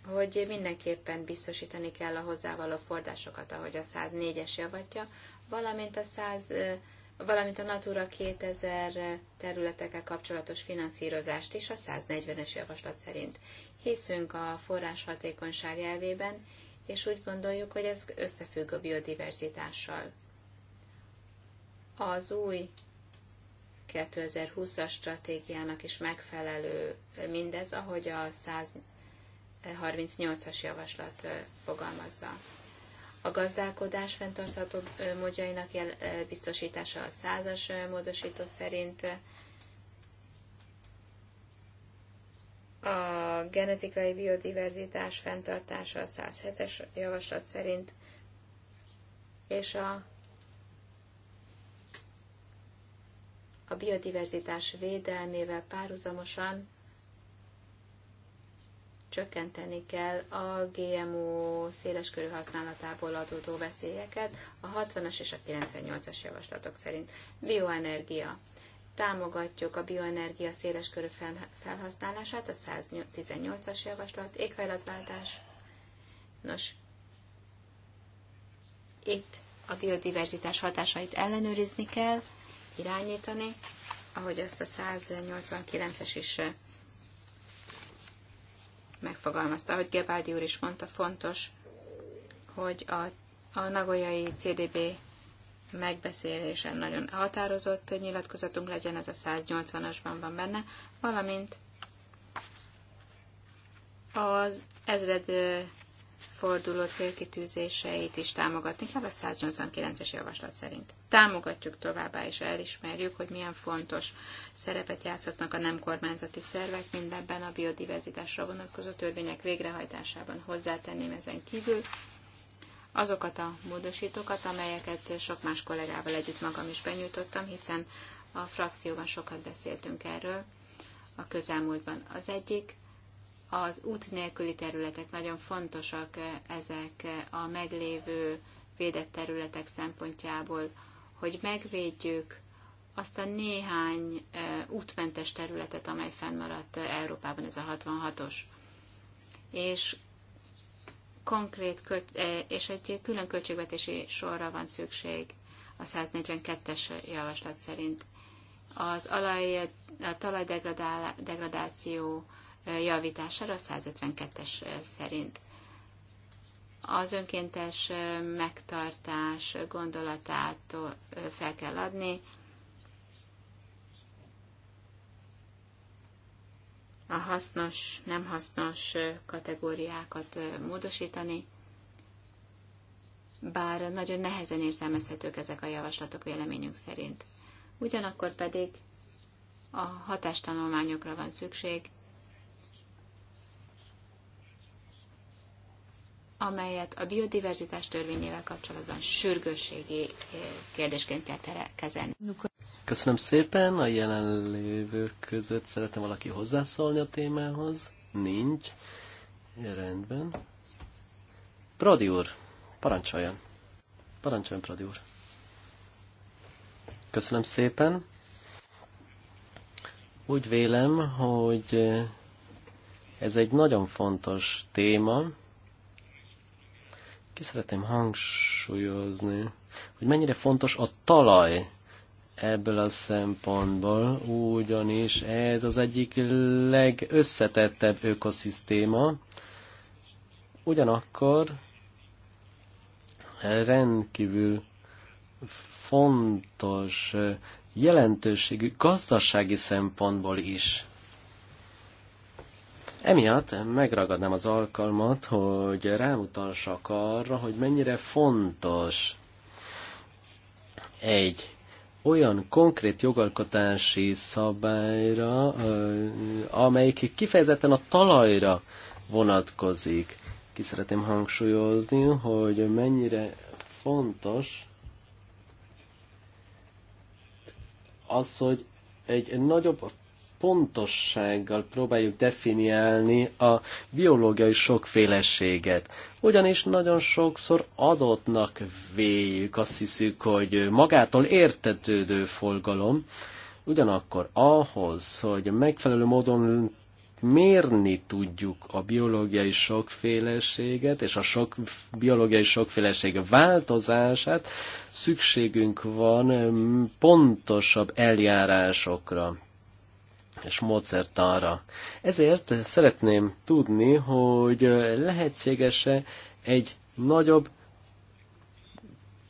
hogy mindenképpen biztosítani kell a hozzávaló fordásokat, ahogy a 104-es javatja, valamint a 100 valamint a Natura 2000 területekkel kapcsolatos finanszírozást is a 140-es javaslat szerint. Hiszünk a forráshatékonyság elvében, és úgy gondoljuk, hogy ez összefügg a biodiverzitással. Az új 2020-as stratégiának is megfelelő mindez, ahogy a 138-as javaslat fogalmazza. A gazdálkodás fenntartható módjainak biztosítása a százas módosító szerint A genetikai biodiverzitás fenntartása a 107-es javaslat szerint, és a, a biodiverzitás védelmével párhuzamosan csökkenteni kell a GMO széleskörű használatából adódó veszélyeket a 60-as és a 98-as javaslatok szerint. Bioenergia támogatjuk a bioenergia széleskörű felhasználását, a 118-as javaslat, éghajlatváltás. Nos, itt a biodiverzitás hatásait ellenőrizni kell, irányítani, ahogy ezt a 189-es is megfogalmazta. Ahogy Gebádi úr is mondta, fontos, hogy a, a Nagoyai CDB megbeszélésen nagyon határozott nyilatkozatunk legyen, ez a 180-asban van benne, valamint az ezred forduló célkitűzéseit is támogatni kell a 189-es javaslat szerint. Támogatjuk továbbá és elismerjük, hogy milyen fontos szerepet játszhatnak a nem kormányzati szervek mindebben a biodiverzitásra vonatkozó törvények végrehajtásában. Hozzátenném ezen kívül, azokat a módosítókat, amelyeket sok más kollégával együtt magam is benyújtottam, hiszen a frakcióban sokat beszéltünk erről a közelmúltban. Az egyik az út nélküli területek nagyon fontosak eh, ezek eh, a meglévő védett területek szempontjából, hogy megvédjük azt a néhány eh, útmentes területet, amely fennmaradt Európában, ez a 66-os. És konkrét költ- eh, és egy külön költségvetési sorra van szükség a 142-es javaslat szerint. Az alaj, a talajdegradáció eh, javítására a 152-es eh, szerint. Az önkéntes megtartás gondolatát fel kell adni, a hasznos, nem hasznos kategóriákat módosítani, bár nagyon nehezen értelmezhetők ezek a javaslatok véleményünk szerint. Ugyanakkor pedig a hatástanulmányokra van szükség, amelyet a biodiverzitás törvényével kapcsolatban sürgősségi eh, kérdésként kell kezelni. Köszönöm szépen, a jelenlévők között szeretne valaki hozzászólni a témához? Nincs. rendben. Pradi úr, parancsoljon. Parancsoljon, Pradi úr. Köszönöm szépen. Úgy vélem, hogy ez egy nagyon fontos téma, ki szeretném hangsúlyozni, hogy mennyire fontos a talaj ebből a szempontból, ugyanis ez az egyik legösszetettebb ökoszisztéma, ugyanakkor rendkívül fontos jelentőségű gazdasági szempontból is. Emiatt megragadnám az alkalmat, hogy rámutassak arra, hogy mennyire fontos egy olyan konkrét jogalkotási szabályra, amelyik kifejezetten a talajra vonatkozik. Ki szeretném hangsúlyozni, hogy mennyire fontos az, hogy egy nagyobb pontossággal próbáljuk definiálni a biológiai sokféleséget. Ugyanis nagyon sokszor adottnak véljük, azt hiszük, hogy magától értetődő forgalom, ugyanakkor ahhoz, hogy megfelelő módon mérni tudjuk a biológiai sokféleséget és a sok, biológiai sokféleség változását, szükségünk van pontosabb eljárásokra, és módszert Ezért szeretném tudni, hogy lehetséges-e egy nagyobb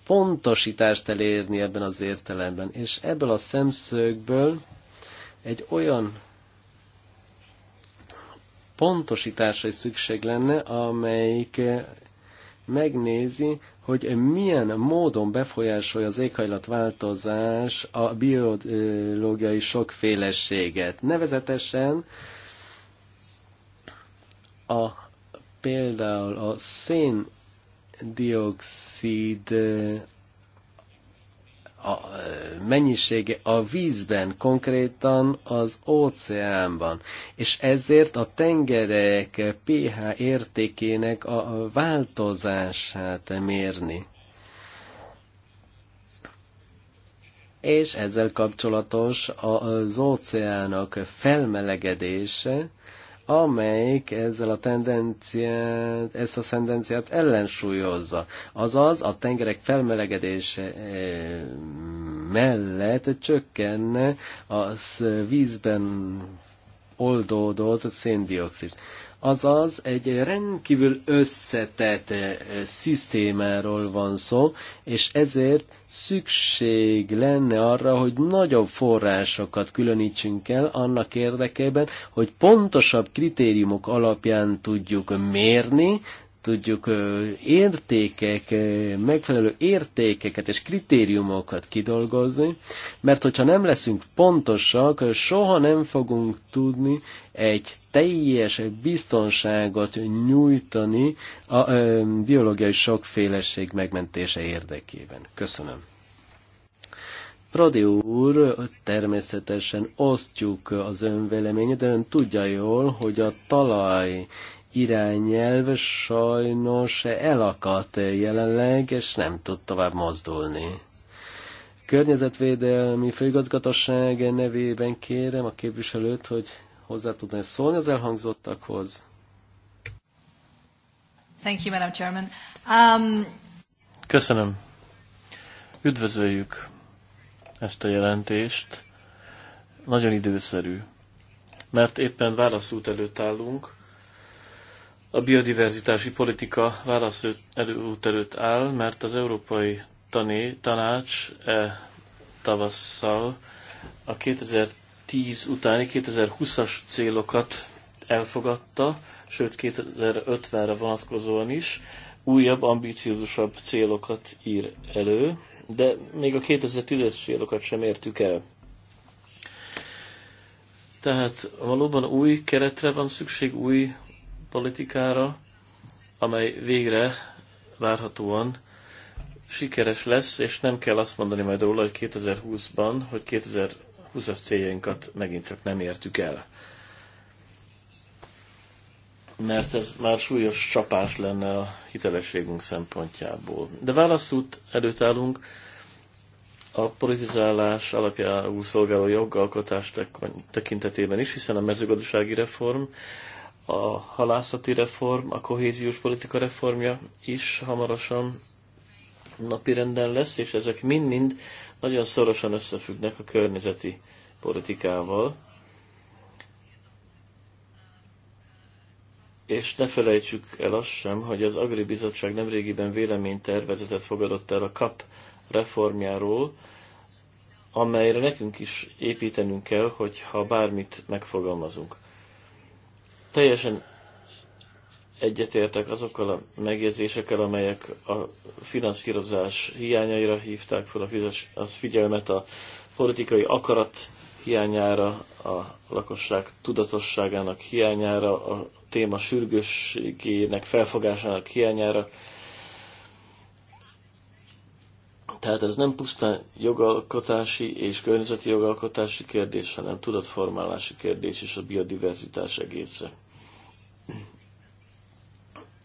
pontosítást elérni ebben az értelemben, és ebből a szemszögből egy olyan pontosításra is szükség lenne, amelyik megnézi, hogy milyen módon befolyásolja az éghajlatváltozás a biológiai sokféleséget. Nevezetesen a, például a dioxid a mennyisége a vízben, konkrétan az óceánban. És ezért a tengerek pH értékének a változását mérni. És ezzel kapcsolatos az óceánok felmelegedése, amelyik ezzel a tendenciát, ezt a tendenciát ellensúlyozza. Azaz a tengerek felmelegedése eh, mellett csökkenne a vízben oldódott széndiokszid. Azaz egy rendkívül összetett eh, szisztémáról van szó, és ezért szükség lenne arra, hogy nagyobb forrásokat különítsünk el annak érdekében, hogy pontosabb kritériumok alapján tudjuk mérni, tudjuk értékek, megfelelő értékeket és kritériumokat kidolgozni, mert hogyha nem leszünk pontosak, soha nem fogunk tudni egy teljes biztonságot nyújtani a biológiai sokféleség megmentése érdekében. Köszönöm. Pradi úr, természetesen osztjuk az ön véleményét, de ön tudja jól, hogy a talaj irányelv sajnos elakadt jelenleg, és nem tud tovább mozdulni. Környezetvédelmi főigazgatóság nevében kérem a képviselőt, hogy hozzá tudná -e szólni az elhangzottakhoz. Thank you, Madam Chairman. Um... Köszönöm. Üdvözöljük ezt a jelentést. Nagyon időszerű, mert éppen válaszút előtt állunk, a biodiverzitási politika válasz előút előtt áll, mert az Európai Tané, Tanács e tavasszal a 2010 utáni 2020-as célokat elfogadta, sőt 2050-re vonatkozóan is újabb, ambíciózusabb célokat ír elő, de még a 2010-es célokat sem értük el. Tehát valóban új keretre van szükség, új politikára, amely végre várhatóan sikeres lesz, és nem kell azt mondani majd róla, hogy 2020-ban, hogy 2020-as céljainkat megint csak nem értük el. Mert ez már súlyos csapás lenne a hitelességünk szempontjából. De választott előtt állunk, a politizálás alapjául szolgáló jogalkotás tekintetében is, hiszen a mezőgazdasági reform a halászati reform, a kohéziós politika reformja is hamarosan napirenden lesz, és ezek mind-mind nagyon szorosan összefüggnek a környezeti politikával. És ne felejtsük el azt sem, hogy az Agri Bizottság nemrégiben véleménytervezetet fogadott el a KAP reformjáról, amelyre nekünk is építenünk kell, hogyha bármit megfogalmazunk. Teljesen egyetértek azokkal a megjegyzésekkel, amelyek a finanszírozás hiányaira hívták fel a az figyelmet, a politikai akarat hiányára, a lakosság tudatosságának hiányára, a téma sürgősségének felfogásának hiányára. Tehát ez nem pusztán jogalkotási és környezeti jogalkotási kérdés, hanem tudatformálási kérdés és a biodiverzitás egésze.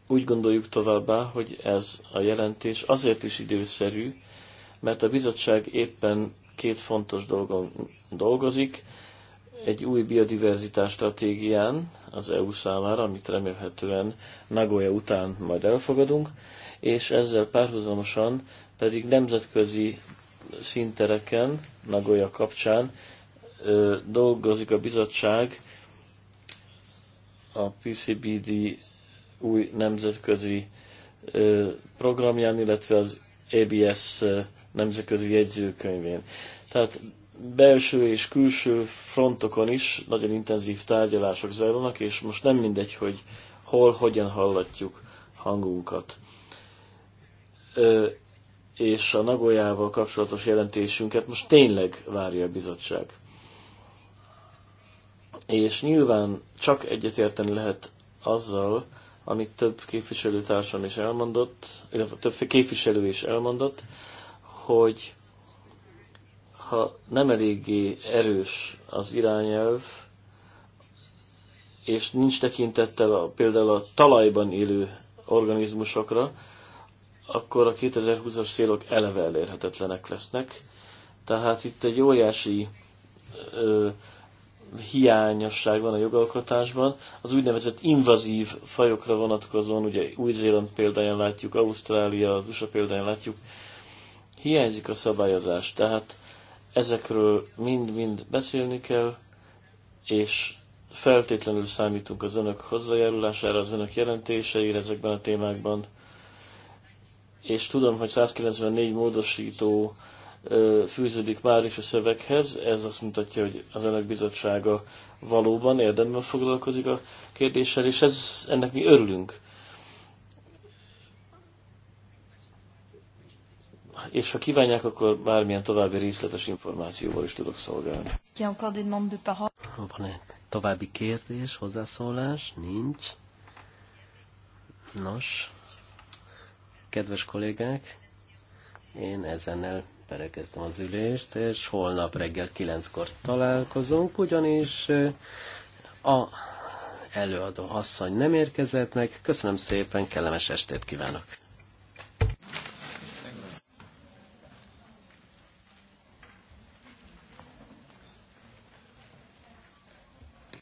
Úgy gondoljuk továbbá, hogy ez a jelentés azért is időszerű, mert a bizottság éppen két fontos dolgon dolgozik, egy új biodiverzitás stratégián az EU számára, amit remélhetően Nagoya után majd elfogadunk, és ezzel párhuzamosan pedig nemzetközi szintereken, Nagoya kapcsán dolgozik a bizottság a PCBD új nemzetközi programján, illetve az ABS nemzetközi jegyzőkönyvén. Tehát belső és külső frontokon is nagyon intenzív tárgyalások zajlanak, és most nem mindegy, hogy hol, hogyan hallatjuk hangunkat. és a Nagoyával kapcsolatos jelentésünket most tényleg várja a bizottság. És nyilván csak egyetérteni lehet azzal, amit több képviselőtársam is elmondott, illetve több képviselő is elmondott, hogy ha nem eléggé erős az irányelv, és nincs tekintettel a, például a talajban élő organizmusokra, akkor a 2020-as célok eleve elérhetetlenek lesznek. Tehát itt egy óriási ö, hiányosság van a jogalkotásban. Az úgynevezett invazív fajokra vonatkozóan, ugye Új-Zéland példáján látjuk, Ausztrália, az USA példáján látjuk, hiányzik a szabályozás. Tehát ezekről mind-mind beszélni kell, és feltétlenül számítunk az önök hozzájárulására, az önök jelentéseire ezekben a témákban. És tudom, hogy 194 módosító fűződik már is a szöveghez. Ez azt mutatja, hogy az önök bizottsága valóban érdemben foglalkozik a kérdéssel, és ez, ennek mi örülünk. És ha kívánják, akkor bármilyen további részletes információval is tudok szolgálni. van egy további kérdés, hozzászólás? Nincs. Nos, kedves kollégák, én ezennel berekeztem az ülést, és holnap reggel kilenckor találkozunk, ugyanis a előadó asszony nem érkezett meg. Köszönöm szépen, kellemes estét kívánok!